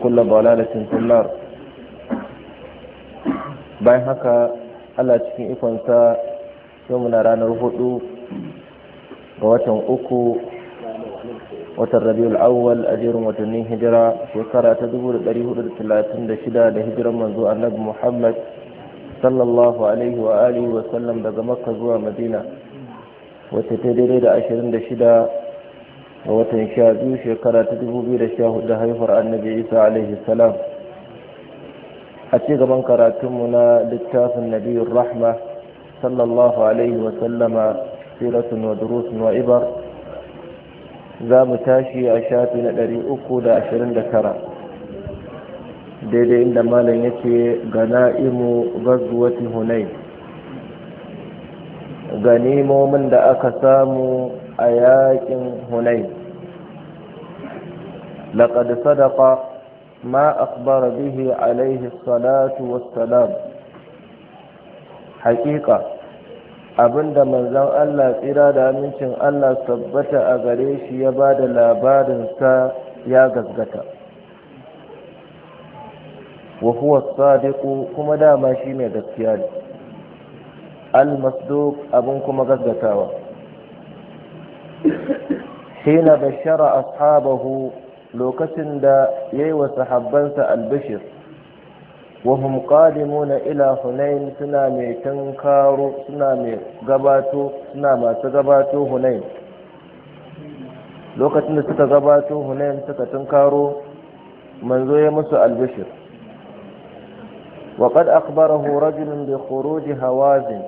kulla dalalatin sunnar bayan haka Allah cikin ikonsa yau muna ranar hudu ga watan uku watan rabiul awwal a jerin watannin hijira shekara ta 436 da hijiran manzo annabi Muhammad sallallahu alaihi wa alihi wa sallam daga makka zuwa madina wata ta daidai da 26 a watan sha biyu shekara ta dubu biyu da sha hudu haifar annabi isa alaihi salam a cigaban gaban karatunmu na littafin nabiyun rahma sallallahu alaihi wa sallama siratun wa durusun wa ibar za mu tashi a shafi na ɗari uku da ashirin da tara daidai inda malam yake gana imu gazuwatin hunai ganimomin da aka samu a yakin hunai laƙad sadaka ma akbara bihi alaihi salatu wassalam hakika abinda manzon Allah tsira da amincin Allah tabbata a gare shi ya ba da labarinsa ya gasgata wa huwa kuma dama shi gaskiya ne al-masduq abin kuma gaskatawa. hina bashara ashabahu lokacin da yayi wa sahabbansa albishir wahum qadimuna ila hunain suna mai tunkaro suna mai gabato suna masu gabato hunain lokacin da suka gabato hunain suka tunkaro manzo ya musu albishir وقد أخبره رجل بخروج هوازن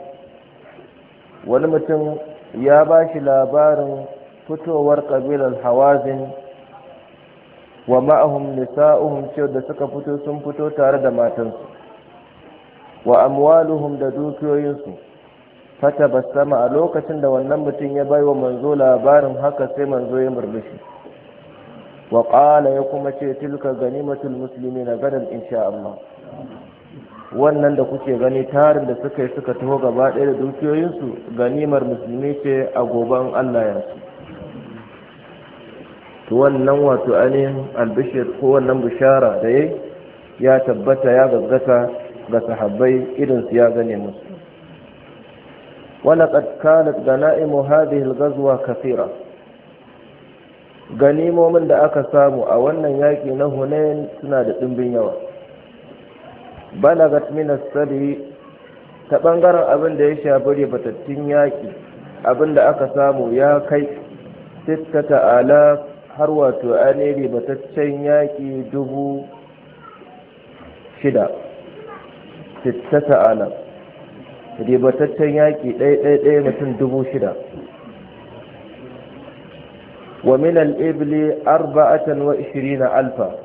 wani mutum ya ba shi labarin fitowar ƙabilar hawazin wa ma'ahum nisa'uhum cewa da suka fito sun fito tare da matansu wa amwaluhum da dukiyoyinsu fata sama a lokacin da wannan mutum ya bai wa manzo labarin haka sai manzo ya murmushi wa ya kuma ce tilka ganimatul na gadan insha Allah wannan da kuke gani tarin da suka yi suka taho gaba ɗaya da dukiyoyinsu ganimar musulmi ce a goban Allah ya su to wannan wato ainihin albishir ko wannan bishara da ya ya tabbata ya gaggata ga sahabbai irinsu ya gane musu ولقد كانت غنائم هذه الغزوة كثيرة ganimomin da aka samu a wannan yaƙi na hunayen suna da ɗimbin yawa balagat min as-sadi ta bangaren abin da ya shafi ribatattun yaki abin da aka samu ya kai sittata ala har wato an ribataccen yaki dubu shida sittata ala ribataccen yaki ɗaiɗaiɗai mutum dubu shida wa min al-ibli arba'atan wa ishirina alfa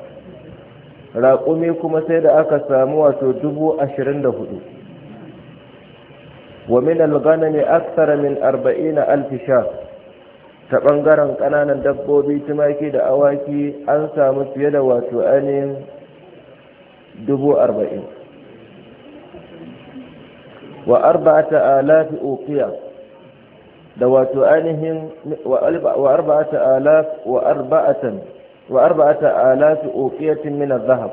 raƙumi kuma sai da aka samu wato dubu ashirin da hudu wa min ne aksara min arba'ina alfi sha ta ɓangaren ƙananan dabbobi tumaki da awaki an samu fiye da wato ainihin dubu arba'in wa arba'ata alafi uqiya da wato ainihin wa arba'ata alaf wa arba'atan wa arba'ata alafi uqiyatin min adh-dhahab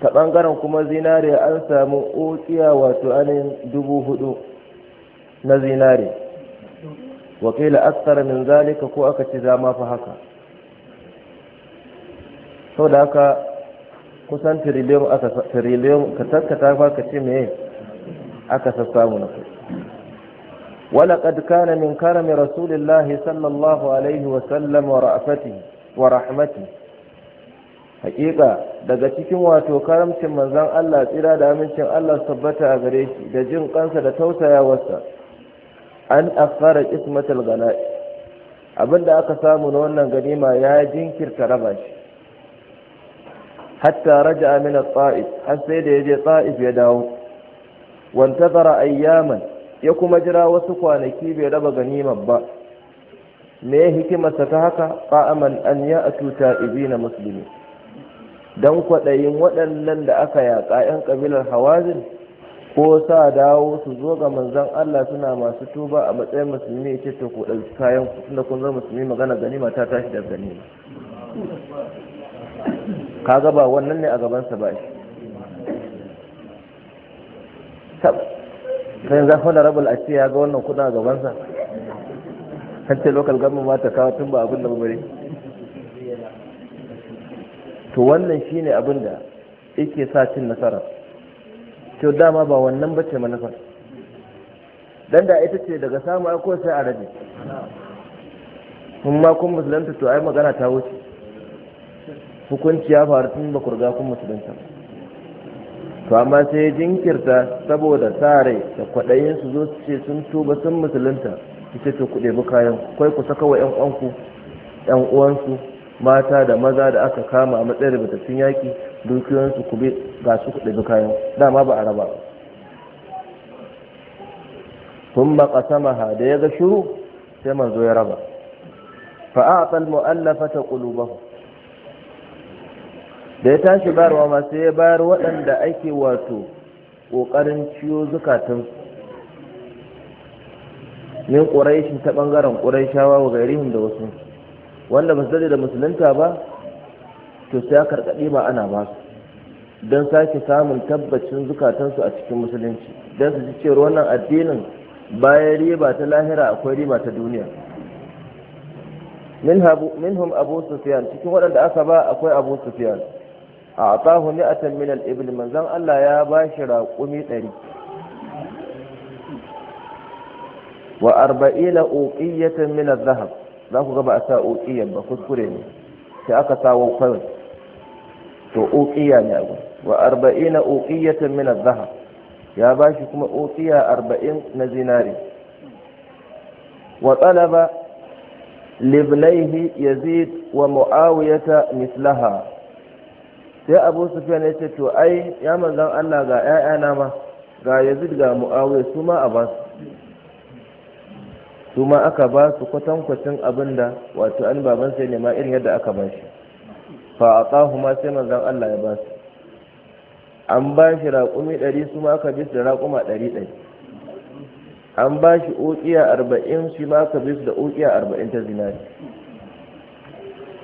ta ɓangaren kuma zinari an samu uqiya wato anin dubu hudu na zinare wa qila min ko aka ci zama fa haka haka kusan trillion aka trillion ka taskata fa ka ce me aka sassamu na kai ولقد كان من كرم رسول sallallahu alaihi wa sallam وسلم ورأفته wa rahmati haƙiƙa daga cikin wato karamcin manzon Allah tsira da amincin Allah tabbata a gare shi da jin kansa da tausayawarsa an afkara ismatul gana'i abinda aka samu na wannan ganima ya jinkirta raba shi hatta raja min at-ta'if har sai da yaje ta'if ya dawo Wanta tara ayyaman ya kuma jira wasu kwanaki bai raba ganimar ba me hikimarsa ta haka fa'aman an ya atu ta'ibina musulmi don kwaɗayin waɗannan da aka yaƙa 'yan ƙabilar hawazin ko sa dawo su zo ga manzan Allah suna masu tuba a matsayin musulmi ce ta ku ɗauki kayan ku tunda kun zama musulmi magana gani ta tashi da gani kaga ba wannan ne a gabansa ba shi sai yanzu rabul a ce ya ga wannan kudin a gaban sa? an ce lokal government ma ta kawo tun ba abin da bare to wannan shi ne abin da yake sa cin nasara to dama ba wannan bace manufar dan da ita ce daga samu aiko sai a rabe kun ma kun musulunta to ai magana ta wuce hukunci ya faru tun ba kurga kun musulunta to amma sai jinkirta saboda sare da kwaɗayin su zo su ce sun tuba sun musulunta ki ce ku ɗebi kayan kai ku saka wa ƴan uwanku ƴan uwansu mata da maza da aka kama a matsayin rubutattun yaƙi dukiyoyinsu ku bi ga su ku ɗebi kayan dama ba a raba sun maƙasamaha da ya ga shiru sai manzo ya raba fa'aƙal mu'allafa ta ƙulubahu da ya tashi bayarwa ma sai ya bayar waɗanda ake wato ƙoƙarin ciyo zukatansu min ƙuraishin ta ɓangaren ƙuraishawa wa gairihim da wasu wanda ba su da musulunta ba to sai ya karkaɗe ba ana ba su don sake samun tabbacin zukatansu a cikin musulunci don su ji cewar wannan addinin bayan riba ta lahira akwai riba ta duniya minhum abu sufyan cikin waɗanda aka ba akwai abu sufyan a atahu mi'atan min al-ibl manzon Allah ya bashi raƙumi ɗari wa arba'ina uqiyatan min adh-dhahab za ku ga ba a sa uqiyan ba kuskure ne sai aka sa kawai to uqiya ne abu wa arba'ina uqiyatan min adh-dhahab ya bashi kuma uqiya 40 na zinari wa talaba libnaihi yazid wa muawiyata mislaha sai abu sufyan ya ce to ai ya manzan Allah ga 'ya'yana ma ga yazid ga muawiya su ma a basu su ma aka ba su kwatankwacin abin da wato an baban sai nema irin yadda aka ba shi fa a tsahu ma sai manzan Allah ya ba su an ba shi raƙumi ɗari su ma aka bi su da raƙuma ɗari ɗari an ba shi oƙiya arba'in shi ma aka bi su da oƙiya arba'in ta zinari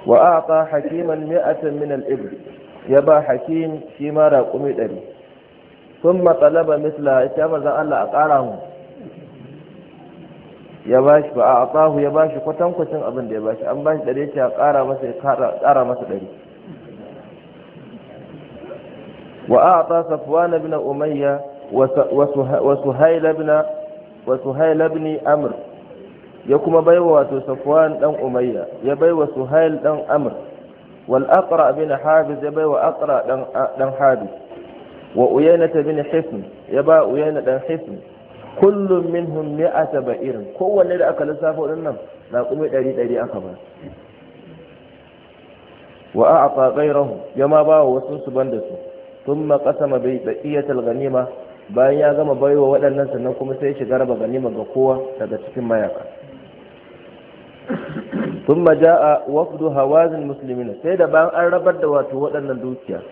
wa a ka hakiman mi'atan min al'ibr ya ba hakim shi ma raƙumi ɗari sun matsalaba misla ya ce manzan Allah a ƙara mu ya bashi ba a tsahu ya bashi kwatankwacin abin da ya bashi an bashi ɗari ce a ƙara masa ya ƙara masa ɗari wa a atsa safwan bin umayya wa suhail bin wa suhail bin amur ya kuma baiwa wato safwan dan umayya ya baiwa hail dan amur wal aqra bin hafiz ya baiwa aqra dan dan hafiz wa uyayna bin hisn ya ba uyayna dan hisn kullum minhum mi'ata ba'irin kowanne da aka lissafa din nan na kuma ɗari ɗari aka ba wa a aqa Rahu, ya ma ba wa wasu su banda su thumma qasama bai baqiyatal ghanima bayan ya gama baiwa waɗannan sannan kuma sai shi garba ganima ga kowa daga cikin mayaka ma ja a wafdu hawazin muslimina sai da bayan an rabar da wato waɗannan dukiya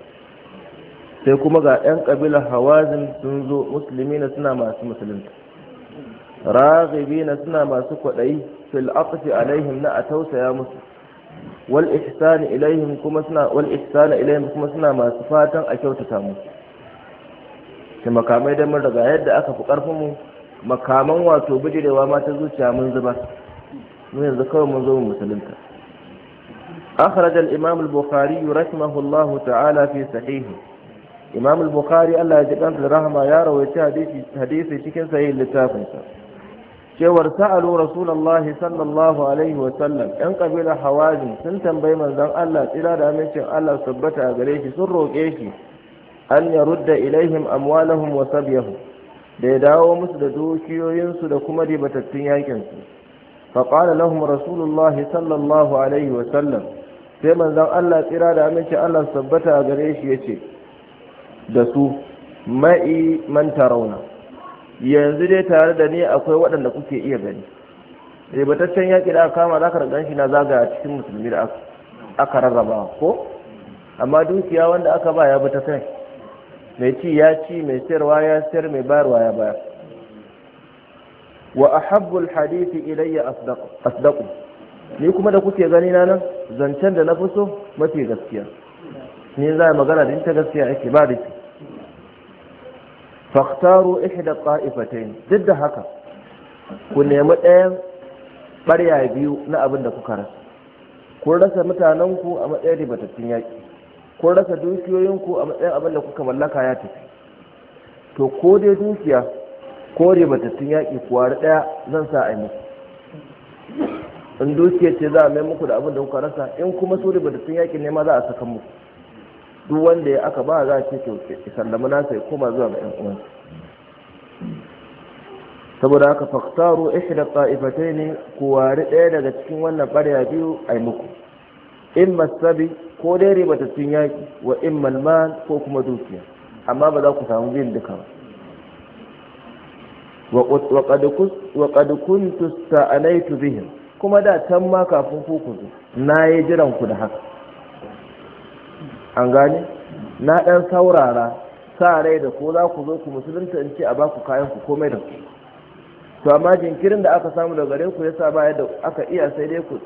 sai kuma ga 'yan ƙabila hawazin sun zo musulmi na suna masu musulunta raghibi na suna masu kwaɗayi fil aqsi alaihim na a tausaya musu wal ihsani ilaihim kuma suna wal ihsani ilaihim kuma suna masu fatan a kyautata musu Ta makamai da mun daga yadda aka fi karfin mu makaman wato bijirewa ma ta zuciya mun zuba, mu yanzu kawai mun zo mu musulunta أخرج الإمام البخاري رحمه الله تعالى في صحيحه imam al-bukhari Allah ya ji kansa da rahama ya rawaita hadisi cikin sahih littafinsa. cewar sa'alu rasulullahi sallallahu alaihi wa sallam yan kabila hawazin sun tambayi manzon Allah tsira da amincin Allah tabbata a gare shi sun roƙe shi an rudda ilaihim amwalahum wa sabyahum da ya dawo musu da dukiyoyinsu da kuma ribatattun yakinsu faƙala lahum rasulullahi sallallahu alaihi wa sallam sai manzon Allah tsira da aminci Allah tabbata a gare shi yace da su ma'i man tarauna yanzu dai tare da ni akwai waɗanda kuke iya gani ribataccen yaƙi da aka kama za ka ragan shi na zagaya cikin musulmi da aka rarraba ko amma dukiya wanda aka ba ya bi ta kai mai ci ya ci mai sayarwa ya sayar mai bayarwa ya bayar wa ahabbul hadisi ilayya asdaq ni kuma da kuke gani na nan zancen da na fi so mafi gaskiya ne za a magana da ita gaskiya ake ba da faktaru da ƙa'ifatai duk da haka ku nemi ɗayan ɓarya biyu na abin da kuka rasa kun rasa mutanenku a matsayin ribatattun yaƙi kun rasa dukiyoyinku a matsayin abin da kuka mallaka ya tafi to ko dai dukiya ko ribatattun yaƙi kuwa ɗaya zan sa a yi muku in dukiya ce za a mai muku da abin da kuka rasa in kuma su ribatattun yaƙi ne ma za a saka muku duk wanda ya aka ba za a ce sallama nasa sai koma zuwa ga 'yan uwansa saboda haka faktaru ihda ta'ifatai ne ku wari ɗaya daga cikin wannan ɓarya biyu ai muku in masabi ko dai ribatattun yaƙi wa in malman ko kuma dukiya amma ba za ku samu biyan duka ba wa qad kuntu sta'anaitu bihim kuma da can ma kafin ku ku na yi jiran ku da haka an gane na ɗan saurara sa rai da ko za ku zo ku musulunta in ce a baku kayan ku komai da ku to amma jinkirin da aka samu da gare ku ya sa baya da aka iya sai dai ku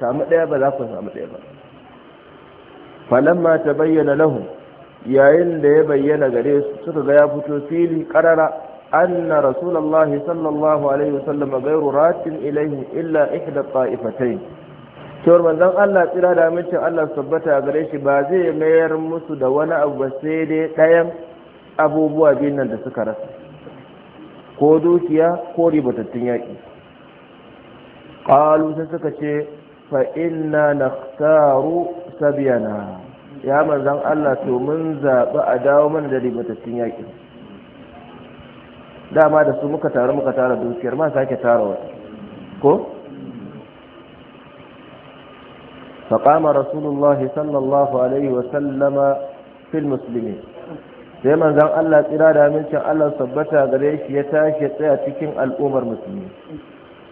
samu ɗaya ba za ku samu ɗaya ba falamma ta bayyana lahu yayin da ya bayyana gare su suka ga ya fito fili karara anna rasulullahi sallallahu alaihi wasallam ghayru ratin ilaihim illa ihda ta'ifatain cewar manzon Allah tsira da amincin Allah tabbata a gare shi ba zai mayar musu da wani abu ba sai dai ɗayan abubuwa biyun nan da suka rasa ko dukiya ko ribatattun yaƙi ƙalu sai suka ce fa inna nakhtaru sabiyana ya manzan Allah to mun zaɓi a dawo mana da ribatattun yaƙi dama da su muka taru muka tara dukiyar ma sake tara wata ko فقام رسول الله صلى الله عليه وسلم في المسلمين sai manzon Allah tsira da amincin Allah sabbata gare shi ya tashi ya tsaya cikin al'ummar musulmi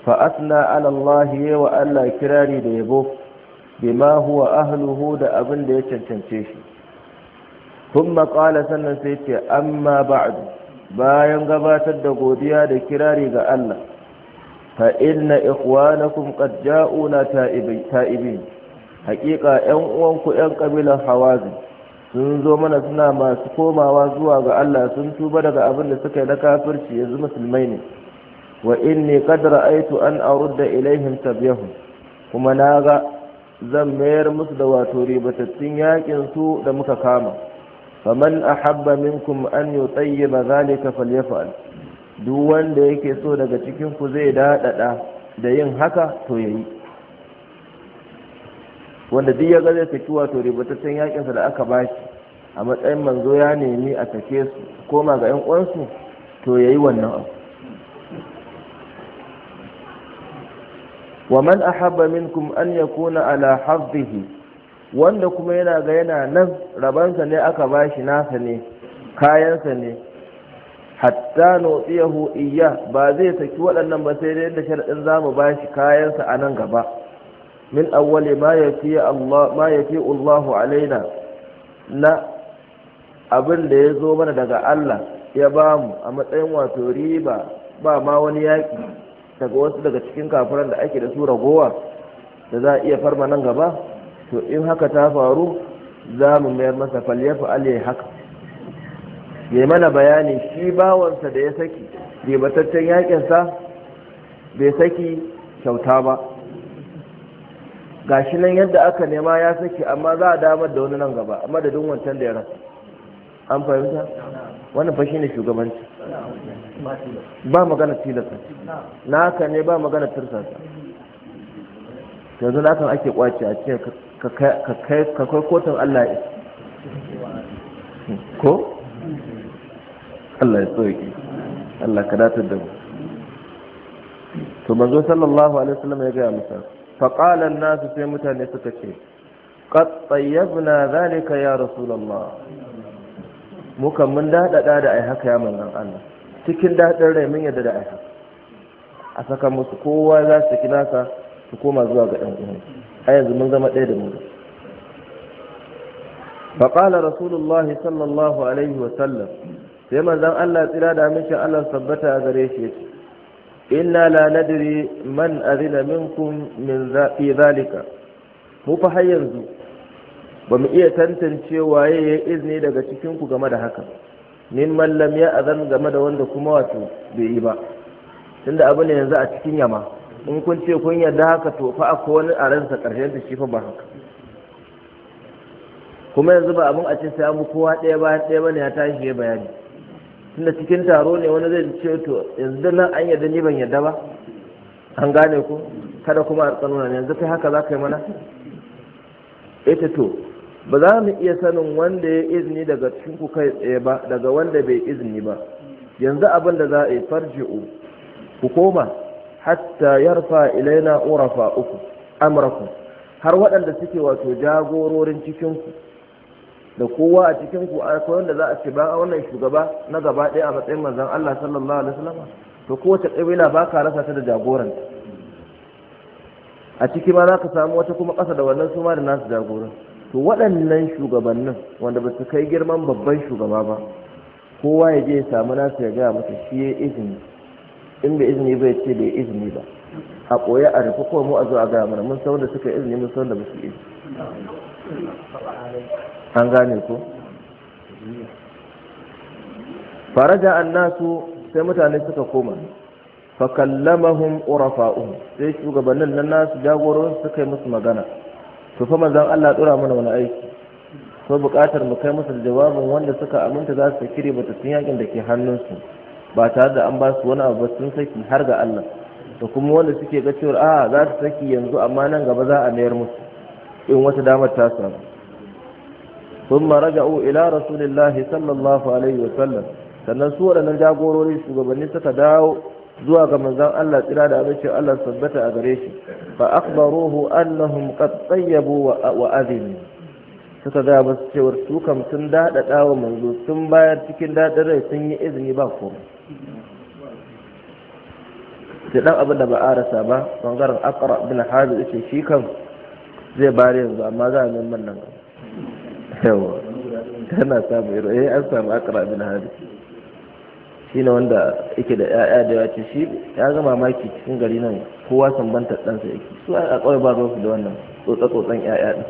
fa asna ala Allah wa Allah kirari da yabo bima huwa ahluhu da abin da ya cancance shi Tun qala sannan sai ce amma ba'd bayan gabatar da godiya da kirari ga Allah fa inna ikhwanakum qad ja'una ta'ibin hakika yan uwanku yan kabilar hawazi sun zo mana suna masu komawa zuwa ga Allah sun tuba daga abin da suka yi na kafirci yanzu musulmai ne wa inni qad ra'aytu an arudda ilaihim tabyahum kuma na ga zan mayar musu da wato ribatattun yakin su da muka kama faman ahabba minkum an yutayyiba zalika falyaf'al duk wanda yake so daga cikin ku zai dadada da yin haka to yayi wanda duk ya ga zai saki wato ribatattun yakinsa da aka bashi a matsayin manzo ya nemi a take su koma ga 'yan uwansu to ya yi wannan abu wa man ahabba minkum an yakuna ala haddihi wanda kuma yana ga yana nan rabansa ne aka bashi nasa ne kayansa ne hatta nutsiyahu iya ba zai saki waɗannan ba sai dai da sharaɗin za mu bashi kayansa a nan gaba min أول ma yafi الله ما الله alaina na abin da ya zo mana daga Allah ya ba mu, a matsayin wato riba ba ma wani yaƙi daga wasu daga cikin kafiran da ake da su ragowa da za a iya farma nan gaba to in haka ta faru za mu mayar masa falyafa aliyu haka ya mana bayani shi bawansa da ya saki ribataccen yakinsa bai saki kyauta ba gashi nan yadda aka nema ya saki amma za a damar da wani nan gaba amma da duk wancan da ya rasa an fahimta wannan fashi ne shugabanci ba magana tilasta na haka ne ba magana tirsasa yanzu na kan ake kwace a cikin ka kai kotun Allah ya ko Allah ya tsoki Allah ka datar da mu to manzo sallallahu alaihi wasallam ya gaya musa faƙalan nasu sai mutane suka ce ƙatsayyabna zalika ya rasulallah mukan mun daɗaɗa da ai ya manzan Allah cikin daɗin rai mun yadda da ai haka a saka musu kowa za su kira ka su koma zuwa ga ɗan a yanzu mun zama ɗaya da mu faƙala rasulullahi sallallahu alaihi wa sallam sai manzan Allah tsira da amincin Allah sabbata a gare shi ya ce inna la nadri man azina minkum min fi zalika mu fa har yanzu ba mu iya tantance waye ya izini daga cikin ku game da haka min man lam ya azan game da wanda kuma wato bai yi ba tunda abu ne yanzu a cikin yama in kun ce kun yarda haka to fa akwai wani a ransa karshen ta shi fa ba haka kuma yanzu ba abin a ce sai an kowa ɗaya bayan ɗaya bane ya tashi ya bayani tunda cikin taro ne wani zai ce to yanzu nan an yarda ni ban yarda ba an gane ku kada kuma a tsanuna yanzu kai haka za ka yi mana ita eh to ba za mu iya sanin wanda ya izini daga cikin ku kai tsaye ba daga wanda bai izini ba yanzu abin da za a yi farji'u ku koma hatta yarfa ilaina urafa uku amrakum har waɗanda suke wato jagororin cikinku da kowa a cikin ku akwai wanda za a ce ba a wannan shugaba na gaba ɗaya a matsayin manzon Allah sallallahu alaihi wasallam to kowace kabila ba ka rasa ta da jagoranta a ciki ma za ka samu wata kuma ƙasa da wannan su ma da nasu jagoran to waɗannan shugabannin wanda ba su kai girman babban shugaba ba kowa ya je ya samu nasu ya gaya masa shi ya izini in bai izini ba ya ce bai izini ba a ɓoye a rufe kowa mu a zo a mana mun san da suka yi izini mun san da musu izini an gane ko faraja annasu sai mutane suka koma fa kallamahum urafa'uhu sai shugabannin nan nasu jagororin suka yi musu magana to fa manzon Allah dora mana wani aiki ko buƙatar mu kai musu jawabin wanda suka aminta za su kire bata yakin da ke hannunsu ba tare da an ba su wani abu sun saki har ga Allah da kuma wanda suke ga cewar a ah, za su saki yanzu amma nan gaba za a mayar musu in wata damar ta samu sun maraja'u ila rasulillahi sallallahu alaihi wa sallam sannan su waɗannan jagorori shugabanni suka dawo zuwa ga manzon Allah tsira da abincin Allah sabbata a gare shi fa akhbaruhu annahum qad tayyabu wa adhin suka ga ba su cewar su kam sun daɗaɗawa wa manzo sun bayar cikin dadin rai sun yi izini ba komai sai dan abin da ba a rasa ba bangaren akara bin hadu ita shi kan zai bari yanzu amma za a neman nan yawa yana samu iro eh an samu akara bin hadu shi ne wanda yake da ya'ya da yawa ce shi ya zama maki cikin gari nan kowa banta ɗansa yake su a kawai ba su da wannan tsotsa-tsotsan ya'ya ɗin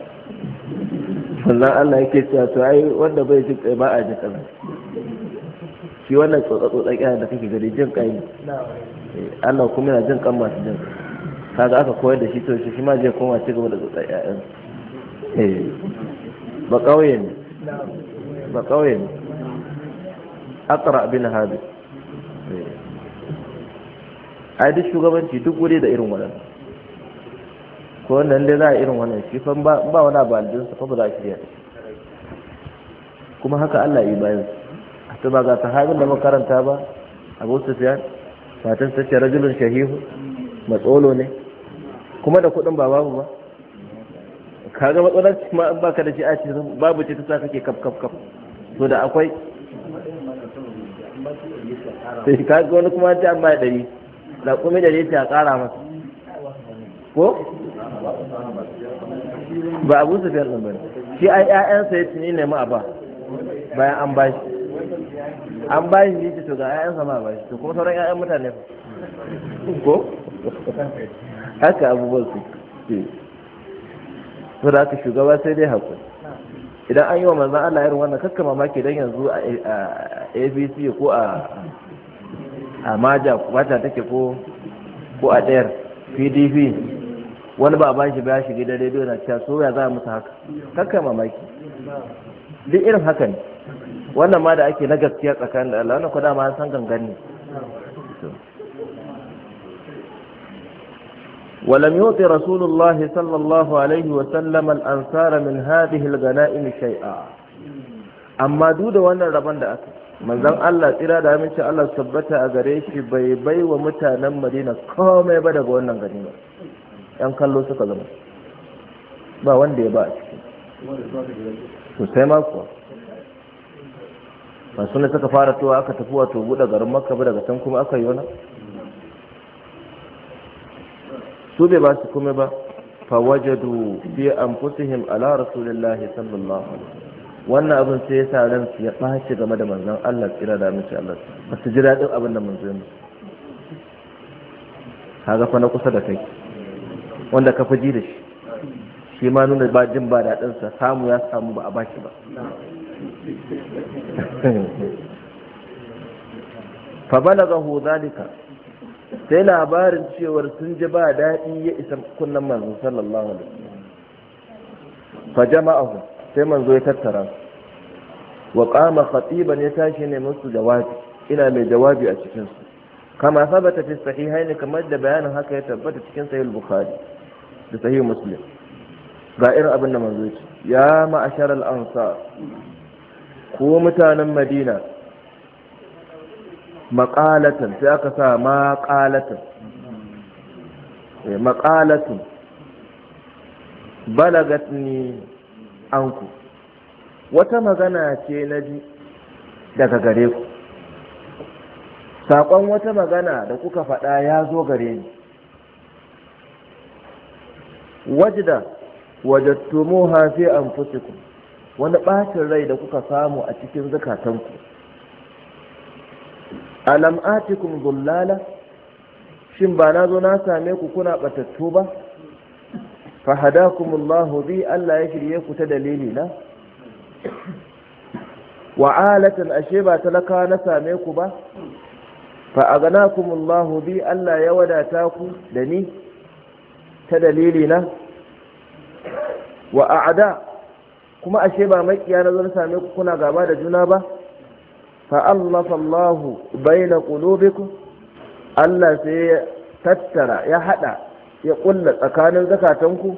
sannan Allah yake cewa to ai wanda bai jin kai ba a ji kai shi wannan tsotsa-tsotsan ya'ya da kake gari jin kai Eh, Allah kuma yana jin kan masu jin kaga aka koyar da shi to shi ma zai koma ci gaba da tsotsar ƴaƴan eh, ba kauye ne ba kauye ne aqra bin hadi eh. ai duk shugabanci duk wuri da irin wannan ko nan dai za a irin wannan shi fa ba wani abu sa fa ba za a shirya kuma haka Allah yi bayan su ba ga sahabin da makaranta ba Abu Sufyan fatan ta ce rajulun shahihu matsolo ne kuma da kuɗin ba babu ba kaga matsalar ma an baka da shi a ce babu ce ta sa kake kaf kaf kaf to da akwai sai kaga wani kuma ta amma ya ɗari da kuma da ta ƙara masa ko ba abu su fiye da ba shi ai ƴaƴansa ya tuni ne ma ba bayan an bashi an ba shi yace to ga ƴaƴan sama ba shi to kuma sauran ƴaƴan mutane ko haka abubuwan su ke to da aka shugaba sai dai haƙuri. idan an yi wa manzan Allah irin wannan kakka mamaki don yanzu a ABC ko a a maja wata take ko ko a ɗayar pdp wani ba ba shi ba shi gidan rediyo na cewa so ya za a musu haka kakka mamaki duk irin haka ne wannan ma da ake na gaskiya tsakanin da Allah wannan ko dama an san gangan ne ولم يعطي رسول الله صلى الله عليه وسلم الأنصار من هذه الغنائم شيئا أما دود وانا ربان دعك من ذن الله ترى دامن شاء الله ثبت أغريش بي بي ومتانا مدينة كوم يبدا بوانا غنيمة yan kallo suka zama ba wanda ya ba a ciki sosai ma kuwa ban suna suka fara towa aka tafi wato buɗe garin makka daga can kuma aka yi wani su bai ba su kuma ba fawajadu fi anfusihim ala rasulillahi sallallahu alaihi wannan abin sai ya sa su ya ɓaci game da manzon Allah tsira da mace Allah ba su ji daɗin abin da manzo ya ga fa na kusa da kai wanda ka fi ji da shi shi ma nuna ba jin ba daɗinsa samu ya samu ba a bashi ba fa balagahu zalika sai labarin cewar sun ji ba daɗi ya isa kunnan manzo sallallahu alaihi wasallam fa jama'ahu sai manzo ya tattara wa qama khatiban ya tashi ne musu jawabi ina mai jawabi a cikin su kama sabata fi sahihain kamar da bayanin haka ya tabbata cikin sahih bukhari da sahih muslim ga irin abin da manzo ya ce ya ma'ashar al-ansar ko mutanen madina maƙalatan sai aka sa maƙalatan eh, maƙalatan, balagat ni anku wata magana ce na ji daga gare ku saƙon wata magana da kuka faɗa ya zo gare ni wajda wajattumuha hafi anfusikum wani ɓacin rai da kuka samu a cikin zukatanku alam atikum zullala shin ba na zo na same ku kuna batattu ba fahadakumullahu bi Allah ya shirye ku ta dalili na wa alatan ashe ba talaka na same ku ba fa aganakumullahu bi Allah ya wadata ku da ni ta dalili na wa a'da kuma ashe ba makiya na zan same ku kuna gaba da juna ba fa Allah allahu baina qulubikum Allah sai ya tattara ya hada ya kulla tsakanin zakatanku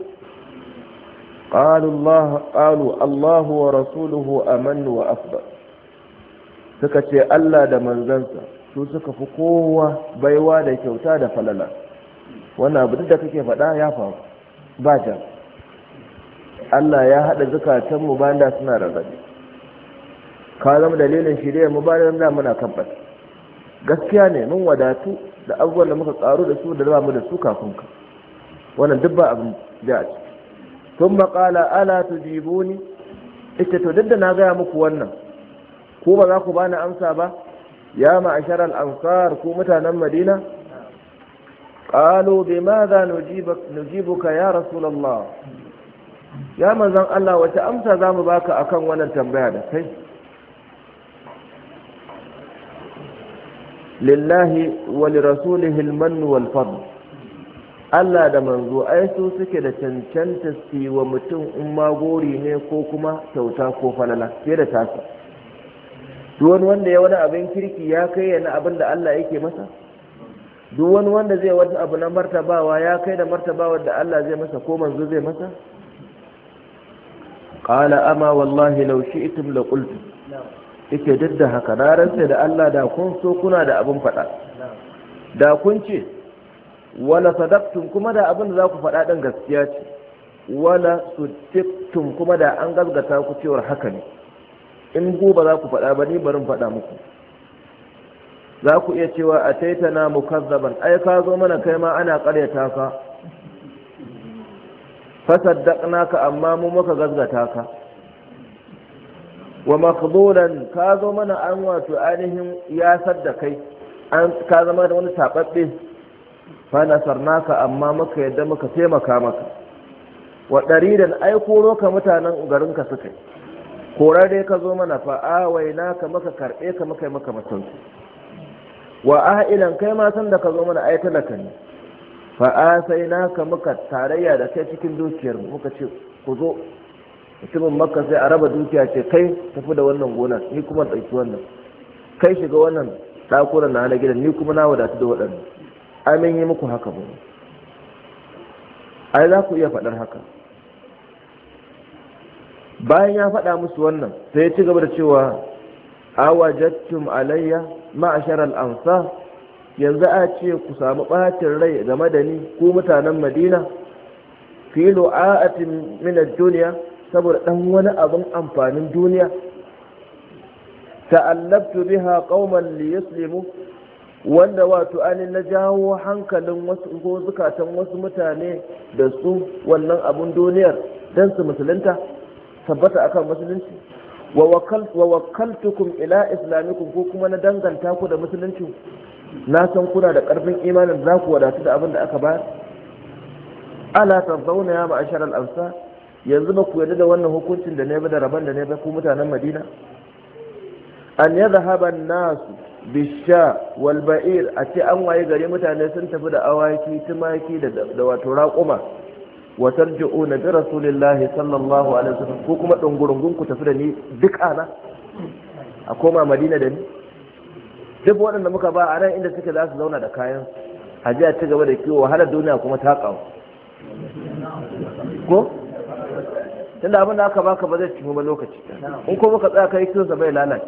qalu allah qalu allah wa rasuluhu wa afdal suka ce Allah da manzansa su suka fi kowa baiwa da kyauta da falala wannan abu da kake faɗa ya faru ba jama'a Allah ya haɗa zukatan mu bayan da suna rarrabe ka zama dalilin shirya mu bayan da muna kabbat gaskiya ne mun wadatu da abubuwan da muka karu da su da ba mu da su kafin ka wannan duk ba abin da ce tun maƙala ala tujibuni ita to duk da na gaya muku wannan ko ba za ku bani amsa ba ya ma'ashar al'ansar ko mutanen madina قالوا بماذا na نجيبك يا رسول ya manzan Allah wace amsa za mu baka akan wannan tambaya da kai lillahi wa li rasulihi al Allah da manzo ai su suke da cancanta su wa mutum in ma gori ne ko kuma kyauta ko falala fiye da tasa duk wani wanda ya wani abin kirki ya kai yana abin da Allah yake masa duk wani wanda zai wani abu na martabawa ya kai da martabawar da Allah zai masa ko manzo zai masa Kala ama wallahi law shi'tum la qultu yake dadda haka na rantsa da Allah da kun so kuna da abin faɗa da kun ce wala sadaqtum kuma da abin da za ku faɗa ɗin gaskiya ce wala sutiktum kuma da an gazgata ku cewar haka ne in gobe za ku faɗa ba ni barin faɗa muku za ku iya cewa a taitana mukazzaban ai ka zo mana kai ma ana ƙaryata ka fasaddaqna ka amma mu muka gazgata ka wa makhdulan ka zo mana an wato ainihin ya saddakai an ka zama da wani tababbe fa nasarnaka amma muka yadda muka taimaka maka wa daridan ai koro ka mutanen garin ka suka korar dai ka zo mana fa awaina ka maka karbe ka yi maka mutunci wa ahilan kai ma san da ka zo mana ai talaka ne fa'asai naka muka tarayya da kai cikin dukiyar muka ce ku zo mutumin maka sai a raba dukiya ce kai tafi da wannan gonar ni kuma ɗauki wannan kai shiga wannan ɗakunan na na gidan ni kuma na wadatu da waɗannan amin yi muku haka ba ai za ku iya faɗar haka bayan ya faɗa musu wannan sai ya ci gaba da cewa awajattum alayya ma'asharar amsa. yanzu a ce ku samu ɓacin rai game da ko mutanen madina filo a'atin minar duniya saboda ɗan wani abin amfanin duniya ta'allabtu biha qauman li yuslimu wanda wato ani na jawo hankalin wasu ko zukatan wasu mutane da su wannan abin duniyar dan su musulunta tabbata akan musulunci wa wakaltukum ila islamikum ko kuma na danganta ku da musulunci? na san kuna da ƙarfin imanin za ku wadatu da abin da aka ba ala zauna ya ma'ashar al'amsa yanzu ba ku yarda da wannan hukuncin da ne ba da rabon da ne ba ku mutanen madina an ya zahaba nasu bisha walba'ir a ce an waye gari mutane sun tafi da awaki tumaki da wato raƙuma wa tarji'u na bi rasulillahi sallallahu alaihi wasallam ko kuma dungurungun ku tafi da ni duk ana a koma madina da ni duk waɗanda muka ba a nan inda suke za su zauna da kayan a ji gaba da kiwo wahalar duniya kuma ta ƙawo ko tunda abin da aka baka ba zai cimu ba lokaci in ko muka tsaya kai kiwon sa bai lalace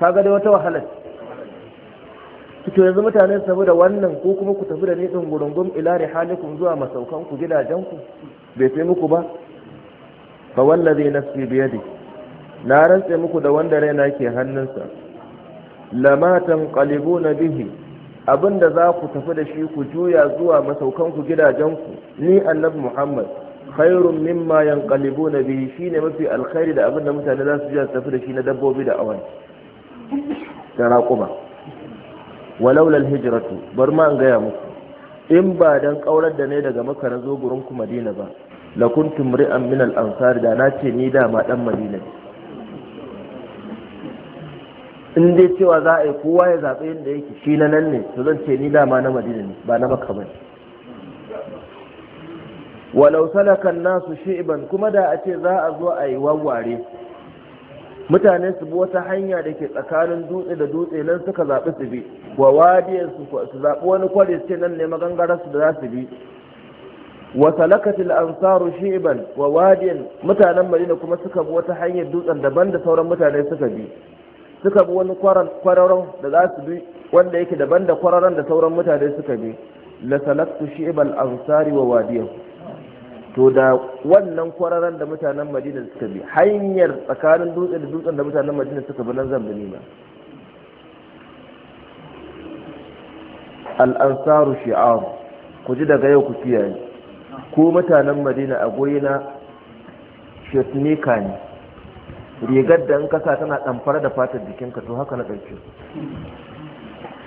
ga dai wata wahalar to yanzu mutane saboda wannan ko kuma ku tafi da ni din gurungum ila rihalikum zuwa masaukan ku gidajen ku bai sai muku ba fa wallazi nafsi biyadi na rantse muku da wanda raina ke hannunsa lama na bihi abinda za ku tafi da shi ku juya zuwa masaukanku gidajenku ni annabi muhammad khairun mimma na bihi shine mafi alkhairi da abinda mutane za su juya su tafi da shi na dabbobi da awan da raƙuma walaula alhijratu bar ma an gaya muku in ba dan kaurar da ne daga maka na zo gurin ku madina ba lakuntum ri'an min al-ansar da na ce ni dama dan madina in dai cewa za a yi kowa ya zaɓe inda yake shi na nan ne to zan ce ni dama na madina ne ba na maka ba walau salakan nasu shi'iban kuma da a ce za a zo a yi wawware mutane su bi wata hanya da ke tsakanin dutse da dutse nan suka zaɓi su bi wa wadiyar su zaɓi wani kwari ce nan ne magangarar su da za su bi wa al ansaru shi'iban wa wadiyan mutanen madina kuma suka bi wata hanyar dutsen daban da sauran mutane suka bi suka bi wani kwararon da za su bi wanda yake daban da kwararon da sauran mutane suka bi la salatu shi'bal ansari wa wadiyahu to da wannan kwararon da mutanen madina suka bi hanyar tsakanin dutse da dutsen da mutanen madina suka bi nan zan bi nima al ansaru shi'ar ku ji daga yau ku kiyaye ko mutanen madina a goyina shetnika ne rigar da in kasa tana damfar da fatar jikinka to haka na ɗauke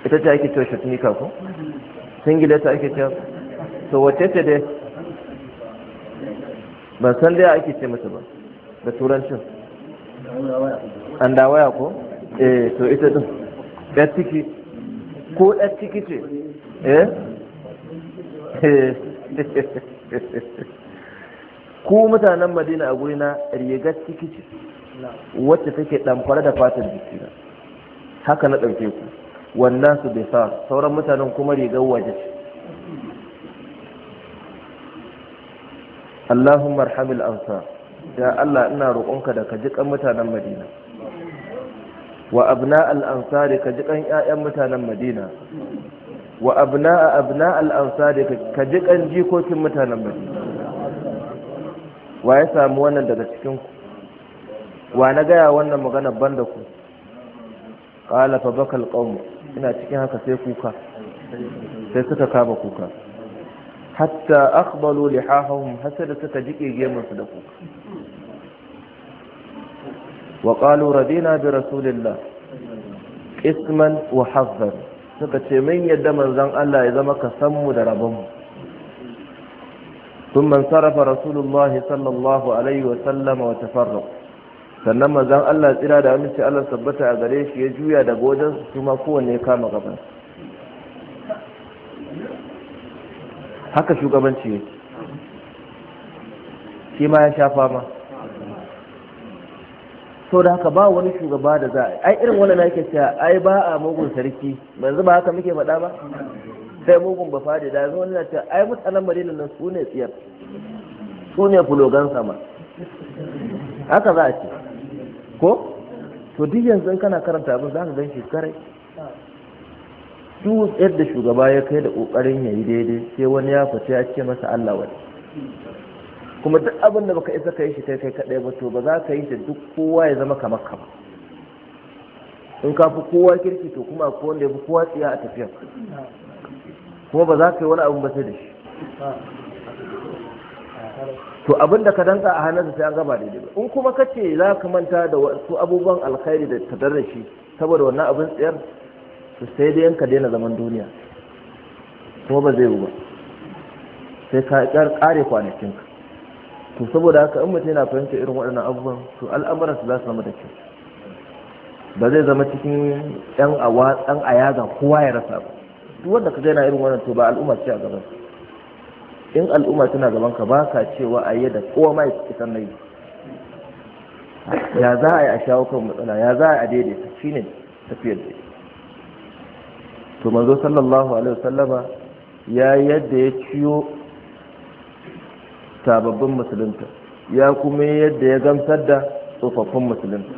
ita ce ake cewa shatnika ko singila ta ake cewa to wace ce dai ban san dai ake ce mata ba da turancin an dawaya ko eh to ita din ɗan ciki ko ɗan ciki ce eh ku mutanen madina a gurina rigar ciki ce wacce take damfara da jiki jikina haka na ɗauke ku wannan su bai sa sauran mutanen kuma rigar waje ce Allahun marhamil ansar ya Allah ina roƙonka da ka ji mutanen Madina wa abna al da ka ji kan ƴaƴan mutanen Madina wa abna abna al da ka ji ƙan jikokin mutanen Madina wa ya samu wannan daga cikinku? wa na gaya wannan magana ban da ku qala fa bakal qawm ina cikin haka sai kuka sai suka kama kuka hatta aqbalu lihahum hatta da suka jike gemun da kuka wa qalu radina bi rasulillah isman wa hazzar suka ce min yadda manzon Allah ya zama ka san mu da rabon mu ثم انصرف رسول الله صلى الله عليه وسلم وتفرق sannan manzan Allah tsira da aminci Allah sabbata a gare shi ya juya daga wajen su kuma kowanne ya kama gaban haka shugabanci yake shi ma ya sha fama so da haka ba wani shugaba da za a ai irin wannan nake cewa ai ba a mugun sarki yanzu ba haka muke faɗa ba sai mugun ba fadi da yanzu wannan ce. ai mutanen madina nan su ne tsiyar su ne fulogan sama haka za a ce ko to duk yanzu in kana karanta abin za ka gan shi duk yadda shugaba ya kai da kokarin ya yi daidai sai wani ya fita ya ce masa Allah wani kuma duk abin da baka isa ka yi shi kai kai kadai ba to ba za ka yi shi duk kowa ya zama kamar ka ba in ka fi kowa kirki to kuma ko wanda ya fi kowa tsiya a tafiya kuma ba za ka yi wani abin ba sai da shi to abin da ka danka a hannunsa sai an gaba daidai ba in kuma ka ce za ka manta da wasu abubuwan alkhairi da ta da shi saboda wannan abin tsayar to sai dai yanka daina zaman duniya kuma ba zai yi ba sai ka kare kwanakinka to saboda haka in mutum yana fahimta irin waɗannan abubuwan to al'amuran su za su zama da kyau ba zai zama cikin yan awa yan ayaga kowa ya rasa ba duk wanda ka ga yana irin wannan to ba al'umma ce a gaban su in al'umma suna gaban ka ba ka cewa a yadda kowa ma ya kisan na yi ya za a yi a shawo kan matsala ya za a yi a daidaita ne tafiyar da to manzo sallallahu alaihi wasallama ya yadda ya ciyo sababbin musulunta ya kuma yadda ya gamsar da tsofaffin musulunta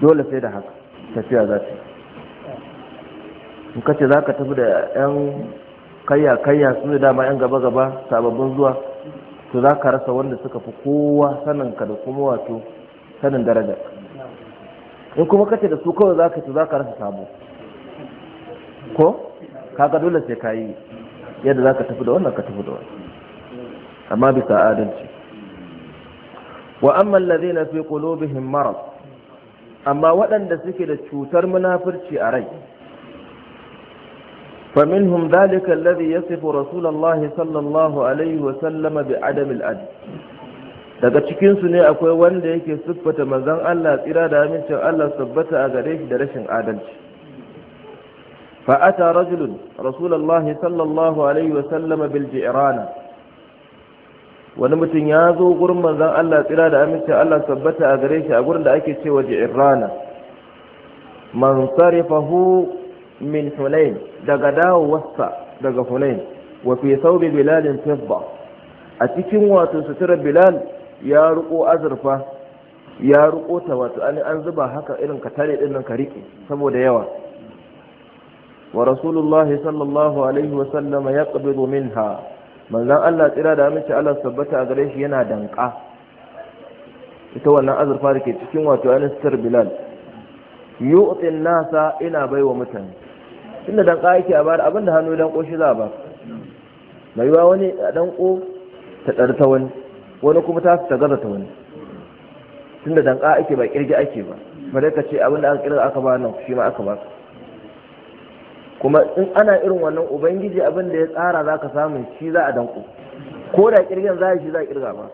dole sai da haka tafiya za ta yi in ka ce za ka tafi da 'yan kayya kayya sun ne dama yan gaba gaba sababbin zuwa to za ka rasa wanda suka fi kowa sanin ka da kuma wato sanin daraja in kuma kace da su kawai za ka ci za ka rasa sabo ko kaga dole sai ka yi yadda za ka tafi da wannan ka tafi da wannan amma bisa adalci wa amma allazina fi qulubihim marad amma waɗanda suke da cutar munafurci a rai فمنهم ذلك الذي يصف رسول الله صلى الله عليه وسلم بعدم العدل daga cikinsu ne akwai wanda yake siffata manzon Allah tsira da amincin Allah sabbata a gare shi da rashin adalci fa ata rajulun rasulullahi sallallahu alaihi wa sallama bil ji'rana wani mutum ya zo gurin manzon Allah tsira da amincin Allah sabbata a gare shi a gurin da ake cewa ji'rana man sarifahu min hunain daga dawowarsa daga hunain wa fi saubi bilalin fidda a cikin wato sutura bilal ya riko azurfa ya riko ta wato an zuba haka irin katare din nan ka rike saboda yawa wa rasulullah sallallahu alaihi wa sallama ya yaqbidu minha manzon Allah tsira da amince Allah sabbata a gare shi yana danka ita wannan azurfa da ke cikin wato ainihin sutura bilal yu'tin nasa ina baiwa mutane tunda dan ƙaya ke a bada, abin da hannu dan koshi za a ba mai yiwa wani a dan ko ta ɗari ta wani wani kuma ta su ta gaza ta wani tunda dan ƙaya ake ba ƙirgi ake ba bare ka ce abin da aka ƙirga aka ba nan shi ma aka ba kuma in ana irin wannan ubangiji abin da ya tsara za ka samu shi za a danko ko da ƙirgin za a shi za a ƙirga ba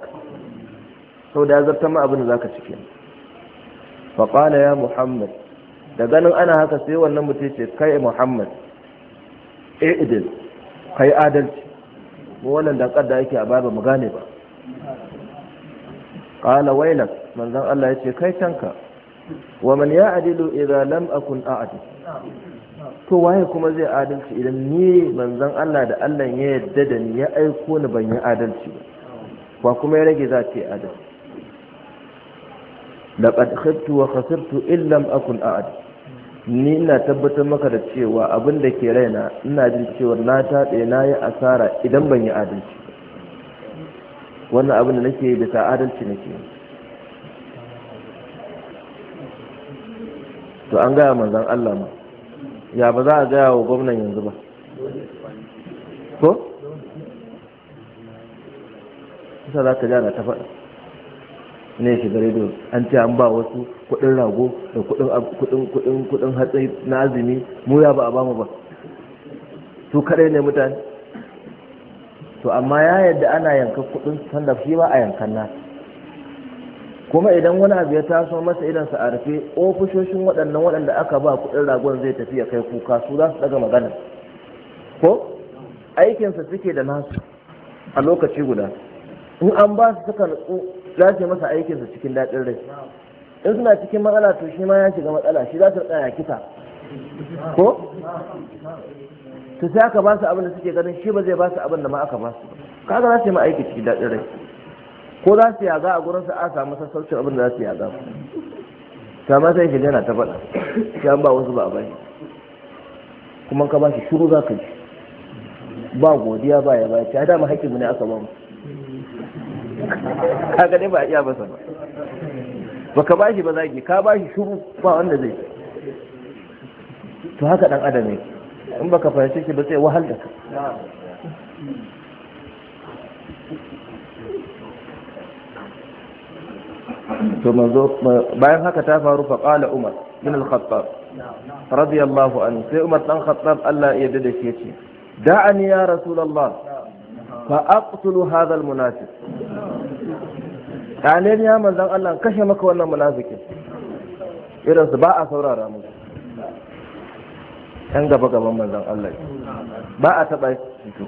sau da ya zartar ma abin da za ka cike faƙala ya muhammad da ganin ana haka sai wannan mutum ce kai muhammad eh, idil kai adalci mu wannan dankar da yake a baba mu gane ba qala wailak manzon Allah yace kai tanka wa man ya adilu idza lam akun a'dil to waye kuma zai adalci idan ni manzon Allah da Allah ya yadda da ni ya aiko ni ban yi adalci ba ba kuma ya rage za ta yi adalci laqad khibtu wa khasirtu illam akun a'dil ni ina tabbatar maka da cewa abin da ke raina ina jin cewa na taɗe na yi asara idan ban yi adalci wannan abin da nake bisa adalci nake to an gaya manzan Allah ma ya ba za a gaya wa gwamnan yanzu ba ko? kusa za ka jana ta faɗa ne shiga rediyo an ce an ba wasu kuɗin rago da kuɗin hatsi na azumi mu ya ba a bamu ba su kaɗai ne mutane to amma ya yadda ana yankan kudin sanda shi ba a yankan na kuma idan wani abu ya taso masa idan sa a ofishoshin waɗannan waɗanda aka ba kuɗin ragon zai tafi ya kai kuka su za su daga magana ko aikinsa suke da nasu a lokaci guda in an ba su suka za su yi masa aikinsa cikin daɗin rai in suna cikin matsala to shi ma ya shiga matsala shi za ta tsaya kisa, ko to sai aka ba su abin da suke ganin shi ba zai ba su abin da ma aka ba su kaga za su yi ma aiki cikin daɗin rai ko za su yaga a gurin sa'a samu sassaucin abin da za su yaga ta ma sai shi yana ta faɗa shi an ba wasu ba a bai kuma ka ba shi shiru za ka ji ba godiya ba ya ba ya dama haƙƙinmu ne aka ba mu kaga dai ba iya masa ba baka bashi ba zagi ka bashi shuru ba wanda zai to haka dan adam yake in baka fahimci shi ba sai wahal da ka to manzo bayan haka ta faru fa qala umar bin al-khattab radiyallahu anhu sai umar dan khattab Allah ya yarda da shi yace da'ani ya rasulullah fa aqtulu hadha al-munafiq ɗaliyar ya manzan Allah kashe maka wannan irin irinsu ba a saurara musu yan gaba gaban manzan Allah ba a taɓa shi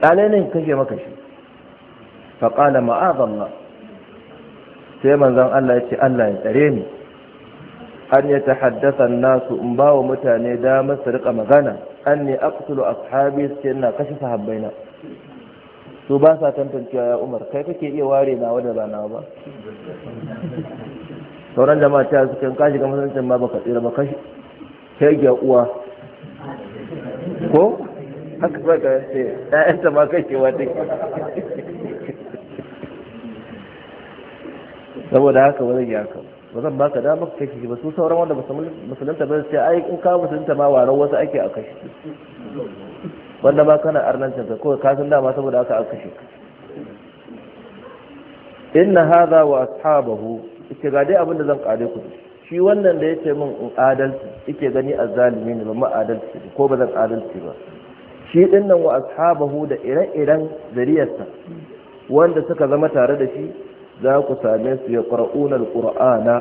ɗalai ne kashe maka shi faƙala ma'azalla sai manzan Allah ya ce Allah ya tsare ni an ya ta haddasa nasu in ba wa mutane damar su riƙa magana an ne aqtulu ashabi sai na kashe sahabbaina su ba sa tantancewa ya umar kai kake iya ware na wadda ba nawa ba sauran jama'a ta su kan kashi ga masarancin ma baka tsira ba kashi kai ga uwa ko haka ba ka ce ta ma kai kewa take saboda haka ba zai yi haka ba zan baka dama ka kashi ba su sauran wanda musulunta ba ce ai in ka musulunta ma waran wasu ake a kashi. wanda ma kana arnancin ka kawai kasan dama saboda aka aka shi inna hadha wa ashabahu ike ga dai abin zan kare ku shi wannan da yace min in adalci yake gani azzalimi ne ba ma adalci ko ba zan adalci ba shi din nan wa ashabahu da ire-iren zariyarsa wanda suka zama tare da shi za ku same su ya qur'ana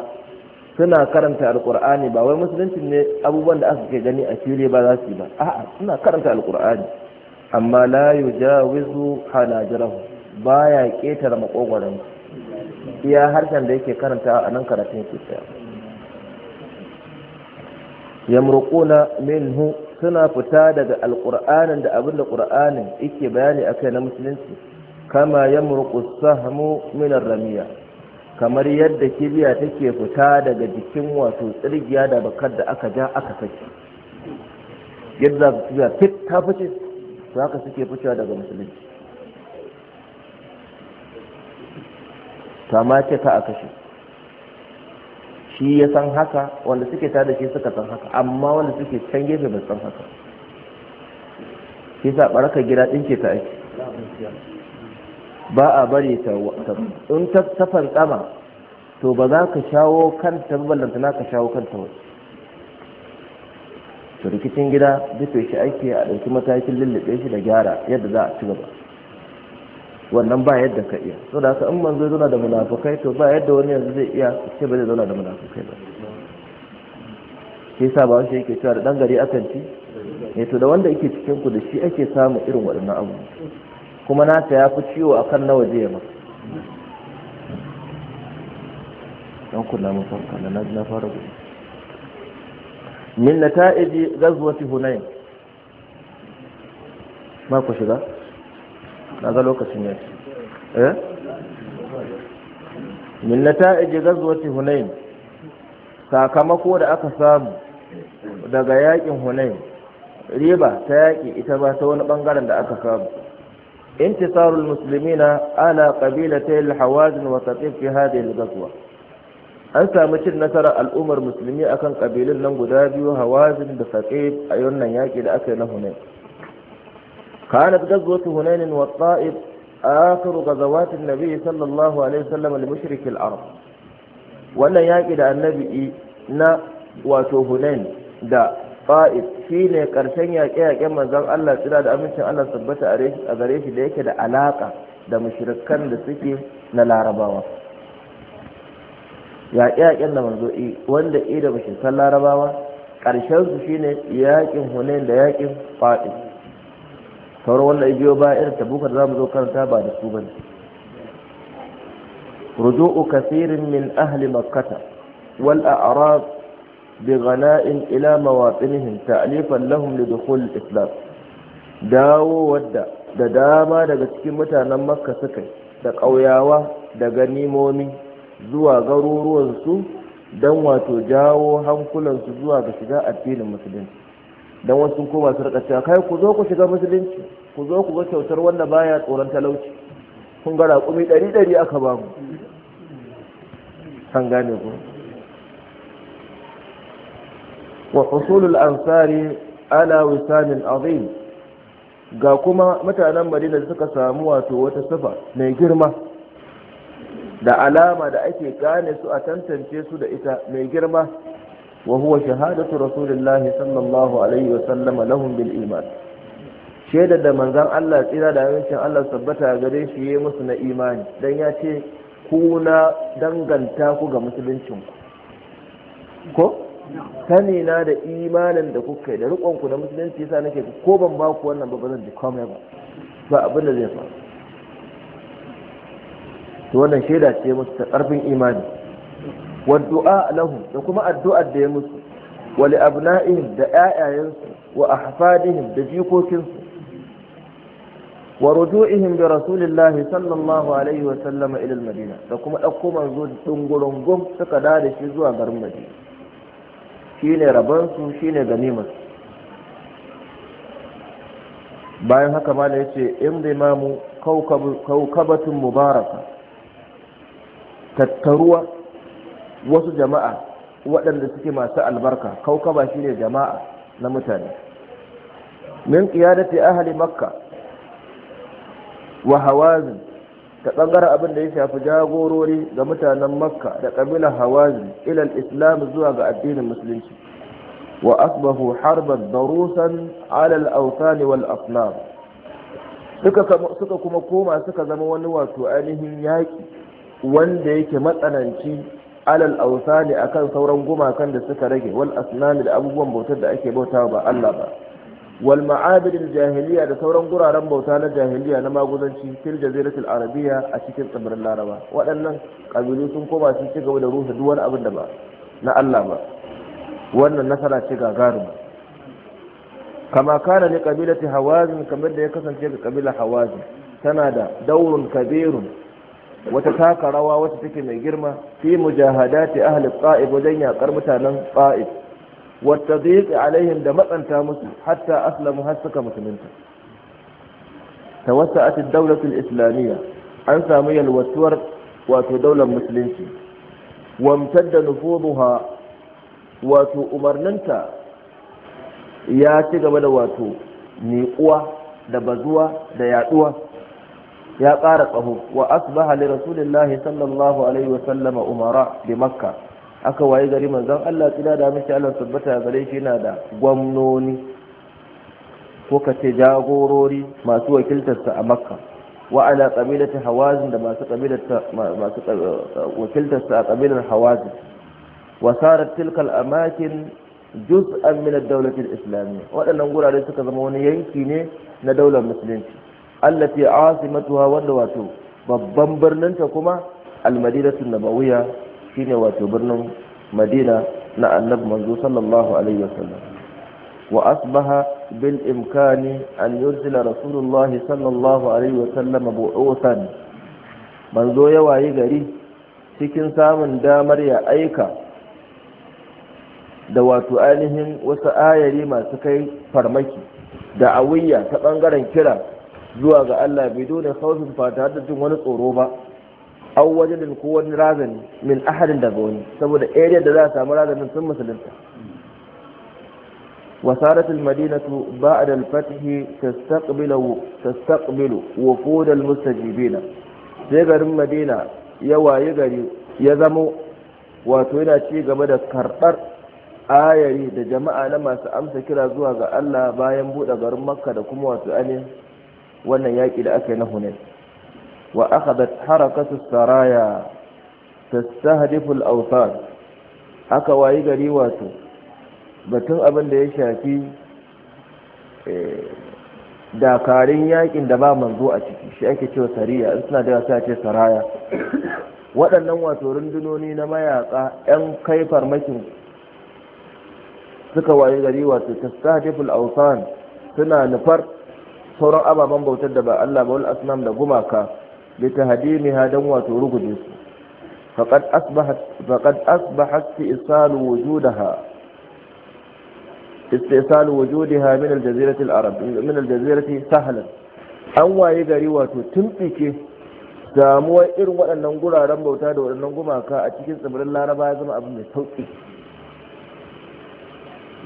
suna karanta alkur'ani ba wai musulunci ne abubuwan da aka ke gani a fili ba za su yi ba a'a suna karanta alkur'ani amma la yujawizu halajirahu baya ketare makogwaron iya harshen da yake karanta a nan karatun ke tsaya yamruquna minhu suna fita daga alkur'ani da abin da qur'anin yake bayani akai na musulunci kama yamruqu sahmu min ramiya kamar yadda kibiya take fita daga jikin wato tsirgiya da bakar da aka ja aka saki yadda kibiya fit ta fice to haka suke ficewa daga musulunci ta ce ka a kashe shi ya san haka wanda suke ta da shi suka san haka amma wanda suke can gefe ba san haka shi sa barakar gida ɗin ke ta aiki ba a bari ta in ta tafan tsama to ba za ka shawo kanta ballanta na ka shawo kanta wasu to rikicin gida duka shi aiki a ɗauki matakin lullube shi da gyara yadda za a ci gaba wannan ba yadda ka iya so da in manzo zuna da munafukai to ba yadda wani yanzu zai iya ce ba zai zauna da munafukai ba shi sa ba shi yake cewa da ɗan gari akan ci ne eh, to da wanda yake cikin ku da shi ake samun irin waɗannan abubuwa kuma nasa ya fi ciwo a kan nawa jiya ya don kula mafarka da na fara gudu min nata'iji ghazwati hunain ma ku shiga na ga lokacin ya ce eh min nata'iji ghazwati hunain sakamako da aka samu daga yakin hunain riba ta yaki ita ba ta wani bangaren da aka samu انتصار المسلمين على قبيلتي الحوازن وثقيف في هذه الغزوة an samu cin nasarar al'ummar musulmi akan kabilun nan guda biyu hawazin da saqif a yannan yaƙi da aka yi na hunain kanat gazwatu hunain wa ta'if akhir ghazawat nabi sallallahu alaihi wasallam al-mushrik al-arab wannan yaƙi da annabi na wato hunain da shi shine ƙarshen yaƙe-yaƙen manzon Allah tsira da amincin Allah tabbata a gare shi da yake da alaƙa da mushrikan da suke na larabawa yaƙe-yaƙen da manzo wanda i da mushrikan larabawa karshen su shine yaƙin hunain da yaƙin fa'id sauran wanda biyo baya irin tabuka da zamu zo karanta ba da su bane rudu'u kathirin min ahli makkata wal a'rab بغناء إلى مواطنهم تأليفا لهم لدخول الإسلام داو ودى da dama daga cikin mutanen makka suka da ƙauyawa da ganimomi zuwa garuruwansu don wato jawo hankulansu zuwa ga shiga addinin musulunci don wasu koma su rika cewa kai ku zo ku shiga musulunci ku zo ku ga kyautar wanda baya tsoron talauci kun ga raƙumi ɗari ɗari aka ba mu gane ku وحصول الأنصار على وسان عظيم ga kuma mutanen madina suka samu wato wata sifa mai girma da alama da ake gane su a tantance su da ita mai girma wa huwa shahadatu rasulillahi sallallahu alaihi wa lahum bil iman shaida da manzon Allah tsira da yawancin Allah sabbata gare shi yayi musu na imani dan ya ce ku na danganta ku ga musuluncin ko sani na da imanin da kuka yi da rikon ku da musulunci yasa nake ko ban ba ku wannan ba zan ji komai ba ba abin zai faru to wannan shaida ce musu ta karfin imani wa du'a lahu da kuma addu'a da ya musu wa li abna'ihim da ayayansu wa ahfadihim da jikokinsu wa ruju'ihim bi rasulillah sallallahu alaihi wa sallama ila al-madina da kuma dauko manzo dungurungum suka da shi zuwa garin madina shine rabansu shine ganimarsu bayan haka ma da ya ce imamu kaukabatun mubaraka tattaruwa wasu jama'a waɗanda suke masu albarka kaukaba shine jama'a na mutane min qiyadati ahli makka wa hawazin ta bangaren abin da ya shafi jagorori ga mutanen makka da kabilar hawazi ilal islam zuwa ga addinin musulunci wa asbahu harban darusan alal autani wal asnam suka kuma koma suka zama wani wato ainihin yaƙi wanda yake matsananci alal autani akan sauran gumakan da suka rage wal asnam da abubuwan bautar da ake bautawa ba Allah ba wal ma'abidin jahiliya da sauran guraren bauta na jahiliya na maguzanci fil jaziratul arabiya a cikin tsibirin laraba waɗannan kabilu sun koma sun ci gaba da ruhu duk wani abin da ba na Allah ba wannan nasara ce gagaruma kama kana ne kabilati hawazin kamar da ya kasance ga kabilar hawazin tana da daurun kabirun wata taka rawa wata take mai girma fi mujahadati ahli qa'ib wajen yakar mutanen qa'ib Wata zai والتضييق عليهم da matsanta musu hatta aslamu har suka musulunta توسعت الدولة الإسلامية an sami yalwatuwar wato daular musulunci wamtadda nufuduha wato umarninta ya ci gaba da wato niƙuwa da bazuwa da yaduwa ya ƙara tsaho wa asbaha li rasulillahi sallallahu alaihi wa sallama umara bi makka aka waye gari manzon Allah tsira da mace Allah tabbata gare shi yana da gwamnoni ko ka ce jagorori masu wakiltarsa a makka wa ala qabilati hawazin da masu qabilata masu eh, wakiltarsa a qabilar hawazin wa sarat tilka al-amakin juz'an min ad-dawlati al-islamiyya waɗannan gurare suka zama wani yanki ne na daular musulunci allati asimatuha wanda wato babban birnin ta kuma al-madinatu nabawiyya shine wato birnin madina na annabi manzo sallallahu alaihi wasallam wa asbaha bil imkani an yurzila rasulullahi sallallahu alaihi wasallam bu'usan manzo ya wayi gari cikin samun damar ya aika da wato ainihin wasu ayari masu kai farmaki da awiya ta bangaren kira zuwa ga Allah bai dole da fata da jin wani tsoro ba aw wajadin ko wani razani min ahadin daga wani saboda area da za a samu razanin sun musulunta وصارت المدينة بعد الفتح تستقبل Sai garin المستجيبين سيغر المدينة يوا يغري يزمو واتوينا شي game da karɓar ayari da jama'a na masu amsa kira zuwa ga Allah bayan buɗe garin Makka da kuma wato ainihin wannan yaƙin da aka yi na Hunayn وأخذت حركة السرايا تستهدف الأوطان haka wayi gari wato batun abin da ya shafi dakarun yakin da ba manzo a ciki shi ake cewa sariya in suna da yasa ce saraya waɗannan wato rundunoni na mayaka 'yan kai farmakin suka wayi gari wato tastahadiful awsan suna nufar sauran ababen bautar da ba Allah ba wal asnam da gumaka bi tahdimiha dan wato ruguje su faqad asbahat faqad asbahat isal wujudaha istisal wujudaha min aljazirati alarab sahlan an waye gari wato tumbike damuwar irin waɗannan guraren bauta da waɗannan gumaka a cikin tsibirin laraba ya zama abu mai sauƙi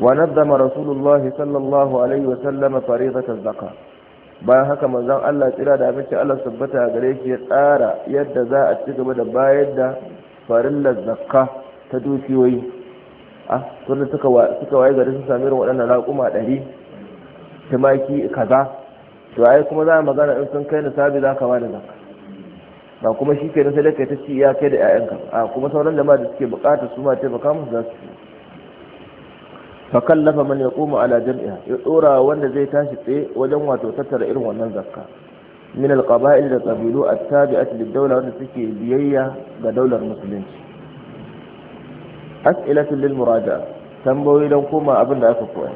ونظم رسول الله صلى الله عليه وسلم فريضة الزكاة bayan haka manzon Allah tsira da abinci Allah sabbata gare shi ya tsara yadda za a ci gaba da bayar da farillar zakka ta dukiyoyi a ah, tunda suka suka waye gari sun sami irin waɗannan raƙuma 100 tumaki kaza to ai kuma za a magana in sun kai nisabi za ka bada zakka ba kuma shi ke nasa da kai ta ci iya kai da 'ya'yanka a ah, kuma sauran jama'a da suke bukata su ma taimaka musu za su Ka kallafa ya yaqumu ala jam'iha ya dora wanda zai tashi tsaye wajen wato tattara irin wannan zakka min alqaba'il da qabilu at-tabi'at lid-dawla wanda suke biyayya ga daular musulunci as'ilatu lil muraja'a tambayoyi don koma abin da aka koya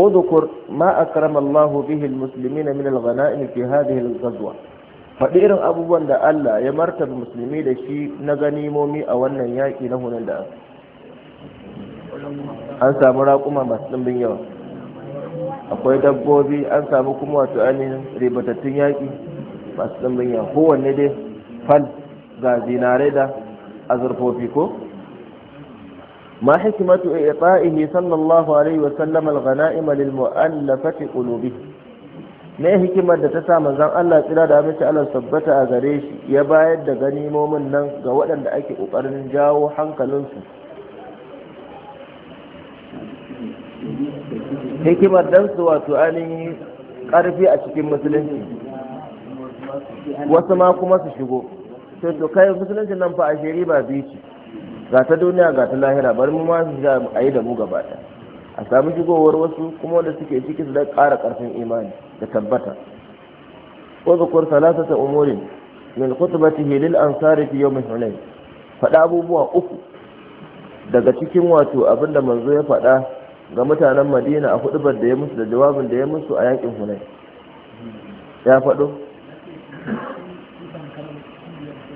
udhkur ma akrama Allahu bihi al-muslimina min al-ghanaim fi hadhihi al-ghazwa faɗi irin abubuwan da Allah ya martaba musulmi da shi na ganimomi a wannan yaƙi na hunan da aka an samu raƙuma masu ɗimbin yawa akwai dabbobi an samu kuma wato ainihin ribatattun yaƙi masu ɗimbin yawa kowanne dai fal ga zinare da azurfofi ko ما حكمة إعطائه صلى الله عليه وسلم fati, للمؤلفة قلوبه me hikimar da ta samu manzon Allah tsira da mace Allah sabbata a gare shi ya bayar da ganimomin nan ga waɗanda ake ƙoƙarin jawo hankalinsu hikimar dan su wato ainihin karfi a cikin musulunci wasu ma kuma su shigo sai to kai musulunci nan fa a shiri ba biyu ce ga ta duniya ga ta lahira bari mu ma su a yi da mu gaba a sami shigowar wasu kuma da suke ciki su da ƙara ƙarfin imani da tabbata Ko uzukur salasata umurin min khutbatihi lil ansari fi yawm hunain faɗa abubuwa uku daga cikin wato abinda manzo ya faɗa ga mutanen madina a hudubar da ya musu da jawabin da ya musu a yakin hunai ya faɗo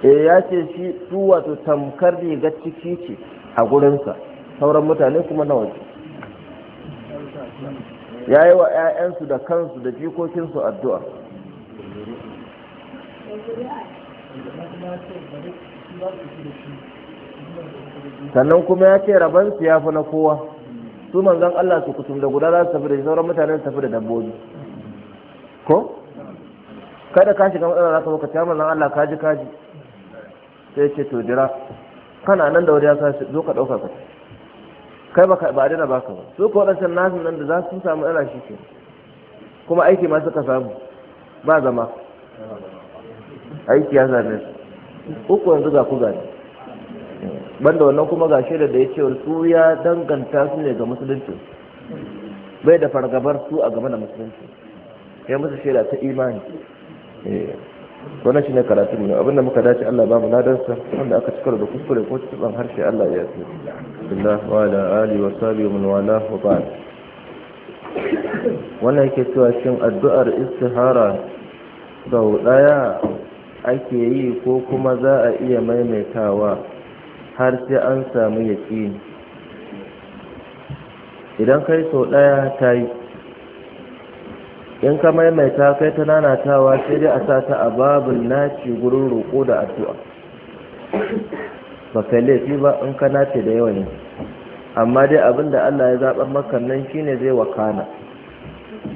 e ya ce shi su wato tamkar riga ciki ce a gurinsa sauran mutane kuma na waje ya yi wa 'ya'yansu da kansu da jikokinsu addu'a sannan kuma ya ce rabansu ya fi na kowa su manzan Allah su kusum da guda za su tafi da sauran mutanen su tafi da dabbobi ko kada ka shiga matsala za ka maka ta manzan Allah kaji kaji sai ce to jira kana nan da wuri ya kashi zo ka dauka ka kai ba ba dana baka ba su ko waɗancan nasu nan da za su samu ana shi ke kuma aiki ma suka samu ba zama aiki ya same su uku yanzu ga ku gani banda wannan kuma ga shaidar da ya ce su ya danganta su ne ga musulunci bai da fargabar su a game da musulunci ya musu shaida ta imani eh, wannan shine karatu ne abinda muka dace Allah ba mu ladarsa wanda aka cikar da kuskure ko cikin harshe Allah ya yi billah wa ala ali wa sahbihi min wala wa ba'd wannan yake cewa shin addu'ar istihara sau daya ake yi ko kuma za a iya maimaitawa har sai an samu yaƙini idan kai sau ɗaya ta yi in ka maimaita kai ta nanatawa sai dai a sa ta a babin naci gurin roƙo da addu'a ba kai laifi ba in ka nace da yawa ne. amma dai abin da Allah ya zaɓar maka nan shine zai wakana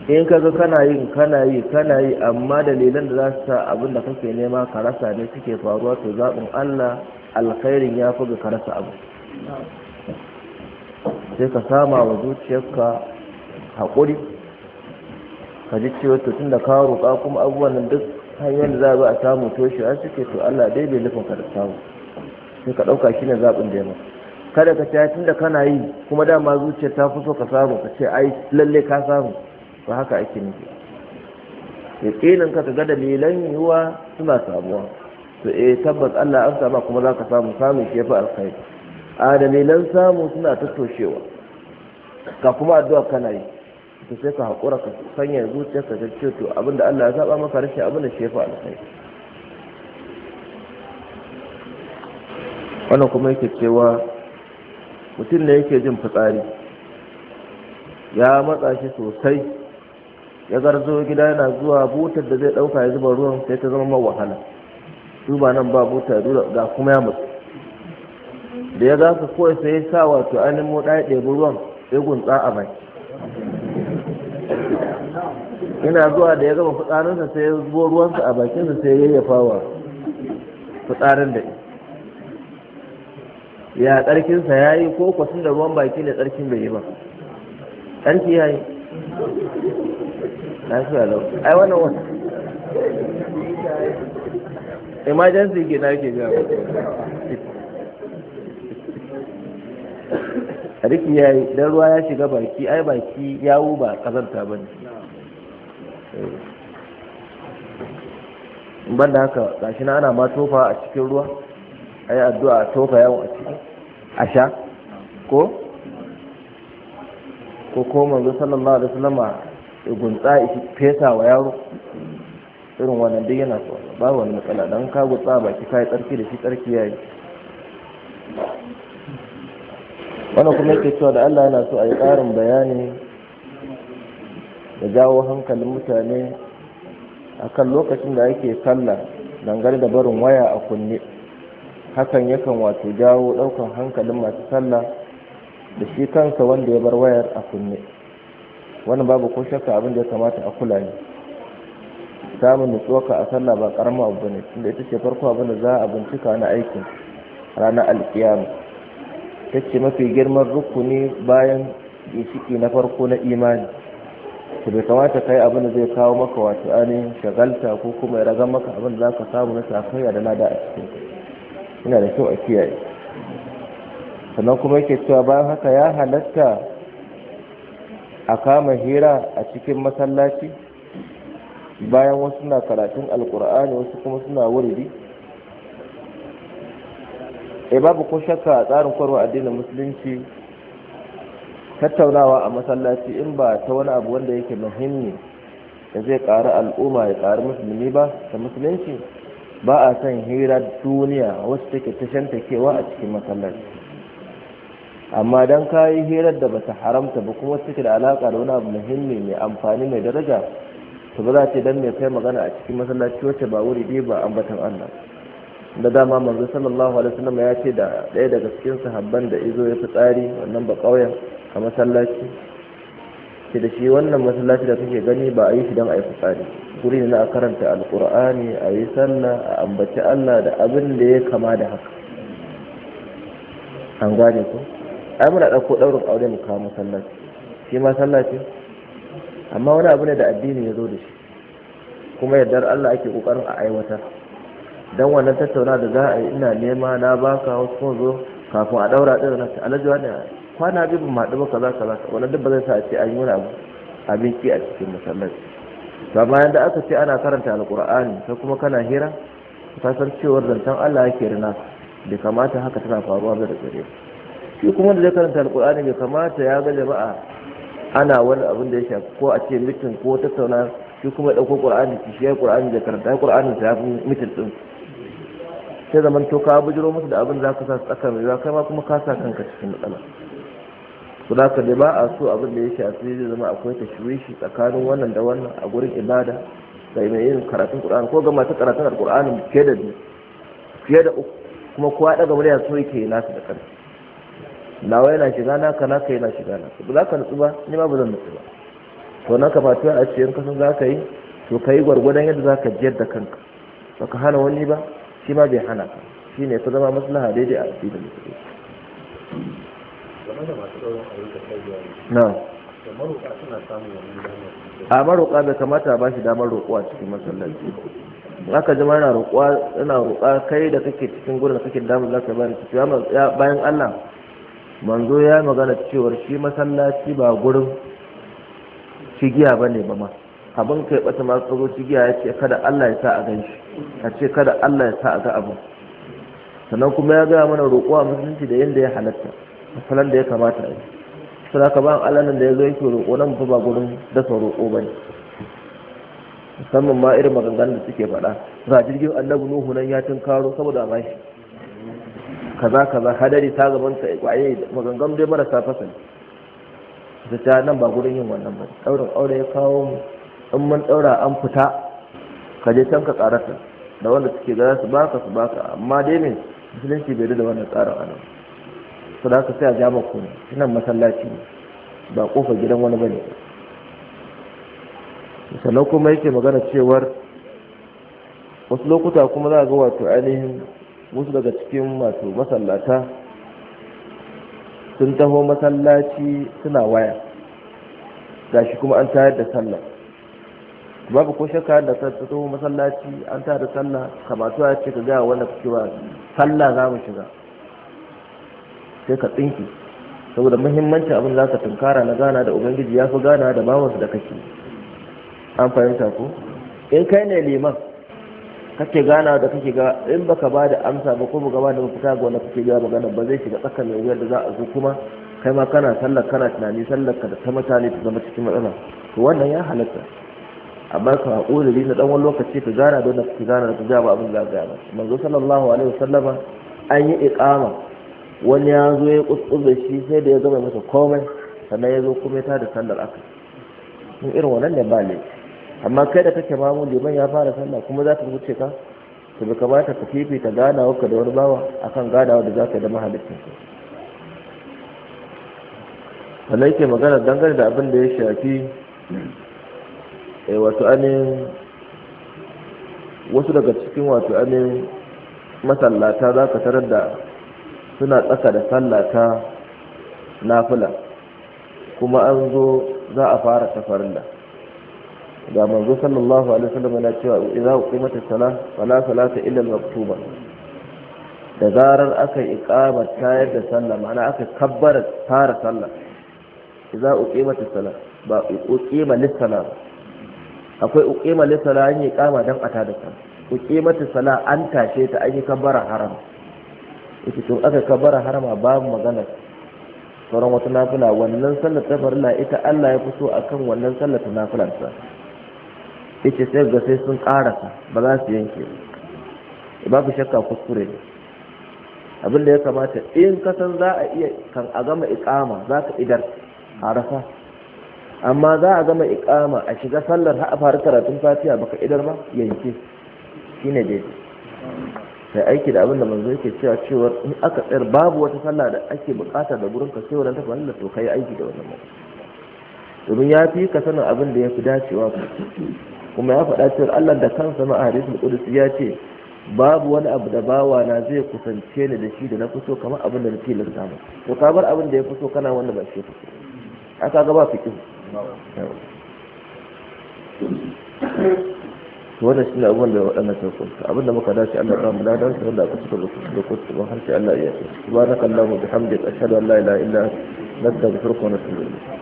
in ka ga kana yin kana yi kana yi amma dalilan da za su sa abin da kake nema ka rasa ne suke faruwa to zaɓin Allah alkhairin ya fi ga rasa abu sai ka sama wa zuciyarka haƙuri ka ji cewa to tun da ka roƙa kuma abubuwan nan duk hanyar da za a bi a samu toshe a suke to Allah dai bai nufin ka da samu sai ka ɗauka shi ne zaɓin da ya kada ka ta tun da kana yi kuma dama zuciyar ta fi so ka samu ka ce ai lalle ka samu ba haka ake nufi yaƙinin ka ga dalilan yiwuwa suna samuwa to e tabbas Allah an samu kuma za ka samu samun shi alkhairi adami dalilan samu suna toshewa ka kuma addu'a kana yi to sai ka haƙura ka sanya zuciya ta ce to abinda Allah ya saba maka rashin abinda shi yafi alkhairi wannan kuma yake cewa mutum ne yake jin fitsari ya matsa shi sosai ya garzo gida yana zuwa butar da zai ɗauka ya zuba ruwan sai ta zama wahala duba nan ba buta dura ga kuma ya mutu da ya za ka kawai sai ya sa wato ainihin moɗa ya ɗebi ruwan ya gunsa a mai ina zuwa da ya gama fitsarinsa sai ya zuwa ruwansa a bakinsa sai ya yayyafa wa fitsarin da ya tsarkinsa ya yi ko kwasin da ruwan baki da tsarkin bai yi ba tsarki ya yi Na lau ai wannan wata emergency ke na ke gawa a rikin ya yi don ruwa ya shiga baki ai baki wu ba kazanta ba ne ban da haka gashi na ana ma tofa a cikin ruwa ai addu'a tofa yawon a ciki a sha ko ko ko manzo sallallahu alaihi wasallama gunsa fesa wa yaro irin wannan duk yana so ba wani matsala don ka gutsa ki kai tsarki da shi tsarki yayi wannan kuma yake cewa da Allah yana so a yi ƙarin bayani da jawo hankalin mutane a kan lokacin da ake sallah dangane da barin waya a kunne hakan yakan wato jawo ɗaukan hankalin masu sallah da shi kansa wanda ya bar wayar a kunne wani babu ko shakka abin da ya kamata a kula ne samun nutsuwarka a sallah ba karamin abu ne, tunda ita ce farko abin da za a bincika na aikin ranar alkiyama ta ce mafi girman rukuni bayan ginshiki na farko na imani to bai kamata kai abin da zai kawo maka wato ainihin shagalta ko kuma ya raga maka abin da za ka samu na sakayya da lada a cikin Ina da kyau a kiyaye sannan kuma yake cewa bayan haka ya halatta a kama hira a cikin masallaci bayan wasu na karatun alkur'ani wasu kuma suna wuridi e babu ko shakka a tsarin kwarwa addinin musulunci tattaunawa a masallaci in ba ta wani abu wanda yake muhimmi da zai ƙari al'umma ya ƙari musulmi ba da musulunci ba a son hira duniya wasu take tashan takewa a cikin masallaci amma don kayi hirar da bata haramta ba kuma take da alaƙa da wani abu muhimmi mai amfani mai daraja to ba za ce dan mai kai magana a cikin masallaci wacce ba wuri dai ba ambatan Allah da dama manzo sallallahu alaihi wasallam ya ce da ɗaya daga cikin sahabban da izo ya fitsari wannan ba ƙauyen a masallaci ke da shi wannan masallaci da kake gani ba a yi shi don a yi fitsari guri ne na karanta alkur'ani a yi sallah a ambaci Allah da abin da ya kama da haka an gane ko ai muna ɗauko ɗaurin aure mu kawo masallaci shi masallaci amma wani abu ne da addini ya zo da shi kuma yardar Allah ake kokarin a aiwatar dan wannan tattauna da za a yi ina nema na baka wasu kuma zo kafin a daura din na alaji wani kwana biyu mu haɗu ba kaza kaza wani duk ba zai sa a ce an yi wani abu abin ki a cikin masallaci to amma da aka ce ana karanta alqur'ani sai kuma kana hira ka san cewar zantan Allah yake rina bai kamata haka tana faruwa da gare shi kuma da zai karanta alqur'ani bai kamata ya ga jama'a ana wani abin da ya shafi ko a ce mitin ko tattauna shi kuma ɗauko ƙur'ani ki shi ya ƙur'ani da karanta ƙur'anin da ya fi mitin ɗin sai zaman to ka bujiro musu da abin za ka sa su tsaka mai kai ma kuma ka sa kanka cikin matsala su da ka ba a so abin da ya shafi zai zama akwai tashwishi tsakanin wannan da wannan a gurin ibada da mai yin karatun ƙur'ani ko ga masu karatun alƙur'ani fiye da biyu fiye da uku kuma kowa ɗaga murya so yake nasu da ƙarfi nawa yana shiga naka naka yana shiga naka ba za ka nutsu ba ni ma ba zan nutsu ba to na kamata a cikin kasan za ka yi to ka yi gwargwadon yadda za ka jiyar da kanka ba ka hana wani ba shi ma bai hana ka shi ne ta zama maslaha daidai a da musulmi na a maroƙa bai kamata ba shi damar roƙo a cikin masallaci ka jima yana roƙa kai da kake cikin gurin kake damar za ka bayar bayan Allah manzo ya magana cewar shi masallaci ba gurin cigiya ba ne ba ma abin kai bata ma tsoro cigiya ya ce kada Allah ya sa a gan shi a ce kada Allah ya sa a ga abin sannan kuma ya gaya mana roƙo a musulunci da yadda ya halatta masalan da ya kamata a yi sun ka ba Allah nan da ya zo yake roƙo nan ba gurin dasa roƙo ba ne musamman ma irin maganganun da suke faɗa ga jirgin annabi nuhu nan ya tunkaro saboda shi. kaza kaza hadari ta gabanta ta kwaye maganganu dai marasa fasali da ta nan ba gurin yin wannan ba daurin aure ya kawo mu in mun daura an fita ka je can ka karata da wanda suke ga su baka su baka amma dai ne musulunci bai da wannan tsarin nan. su da ka sai a jama ku ne masallaci ne ba kofa gidan wani bane sannan kuma yake magana cewar wasu lokuta kuma za a ga wato ainihin wasu daga cikin masu masallata sun taho masallaci suna waya gashi kuma an tayar da sallah babu ko shakka da ta taho masallaci an tayar da sallah kamatu ya ce ka ga wanda kake ba sallah za mu shiga sai ka tsinki saboda muhimmancin abin za ka tunkara na gana da ubangiji ya fi gana da bawansu da kake an fahimta ko in kai ne liman kake gana da kake ga in baka ba da amsa ba ko ba da mafita ga wanda kake ga magana ba zai shiga tsakanin wuyar da za a zo kuma kai ma kana sallar kana tunani sallar ka da ta mutane ta zama cikin matsala to wannan ya halatta amma ka haƙuri na ɗan wani lokaci ka gana don kake gana da ka ba abin zagaya ba manzo sallallahu alaihi wasallama an yi iƙama wani ya zo ya kuskure shi sai da ya gama masa komai sannan ya zo kuma ya tada sallar aka in irin wannan ne ba laifi amma kai da kake mamu liman ya fara sallah kuma za ta wuce ka to ba kamata ka fifita ganawa ka da wani bawa akan ganawa da za ka da mahalicin ka sannan yake magana dangane da abin da ya shafi eh, wato anin wasu daga cikin wato anin masallata za ka tarar da suna tsaka da sallata nafila kuma an zo za a fara tafarilla ga manzo sallallahu alaihi wasallam yana cewa idza uqimatis salah fala salata illa al-maktuba da zarar aka iqama tayar da sallah ma'ana aka kabbara fara sallah idza uqimatis salah ba uqima lis-salah akwai uqima lis-salah an yi iqama dan ata da sallah uqimatis salah an tashe ta an yi kabbara haram ita to aka kabbara harama babu magana sauran wata nafila wannan sallar ta farila ita Allah ya fito akan wannan sallar ta nafilarsa ce sai ga sai sun karasa ba za su yanke babu shakka kuskure ne abin ya kamata in ka za a iya kan a gama ikama za ka idar a amma za a gama ikama a shiga sallar ha a fara karatun fatiha baka idar ba yanke shi ne daidai sai aiki da abin da manzo yake cewa cewa in aka tsayar babu wata sallah da ake bukata da gurin ka sai wannan tafi Allah to kai aiki da wannan domin ya fi ka sanin abin da ya fi dacewa kuma ya faɗa cewa Allah da kansa ma a hadisul qudsi ya ce babu wani abu da bawa na zai kusance ni da shi da na fito kamar abin da na lissa mu to ka bar abin da ya fito kana wanda ba shi fito aka ga ba fikin to wannan shi ne abin da wadannan ta kunta abin da muka dace Allah ta mu ladan su wanda aka cika da kusa da ba har sai Allah ya yi subhanakallahumma bihamdika ashhadu an la ilaha illa anta astaghfiruka wa atubu ilayk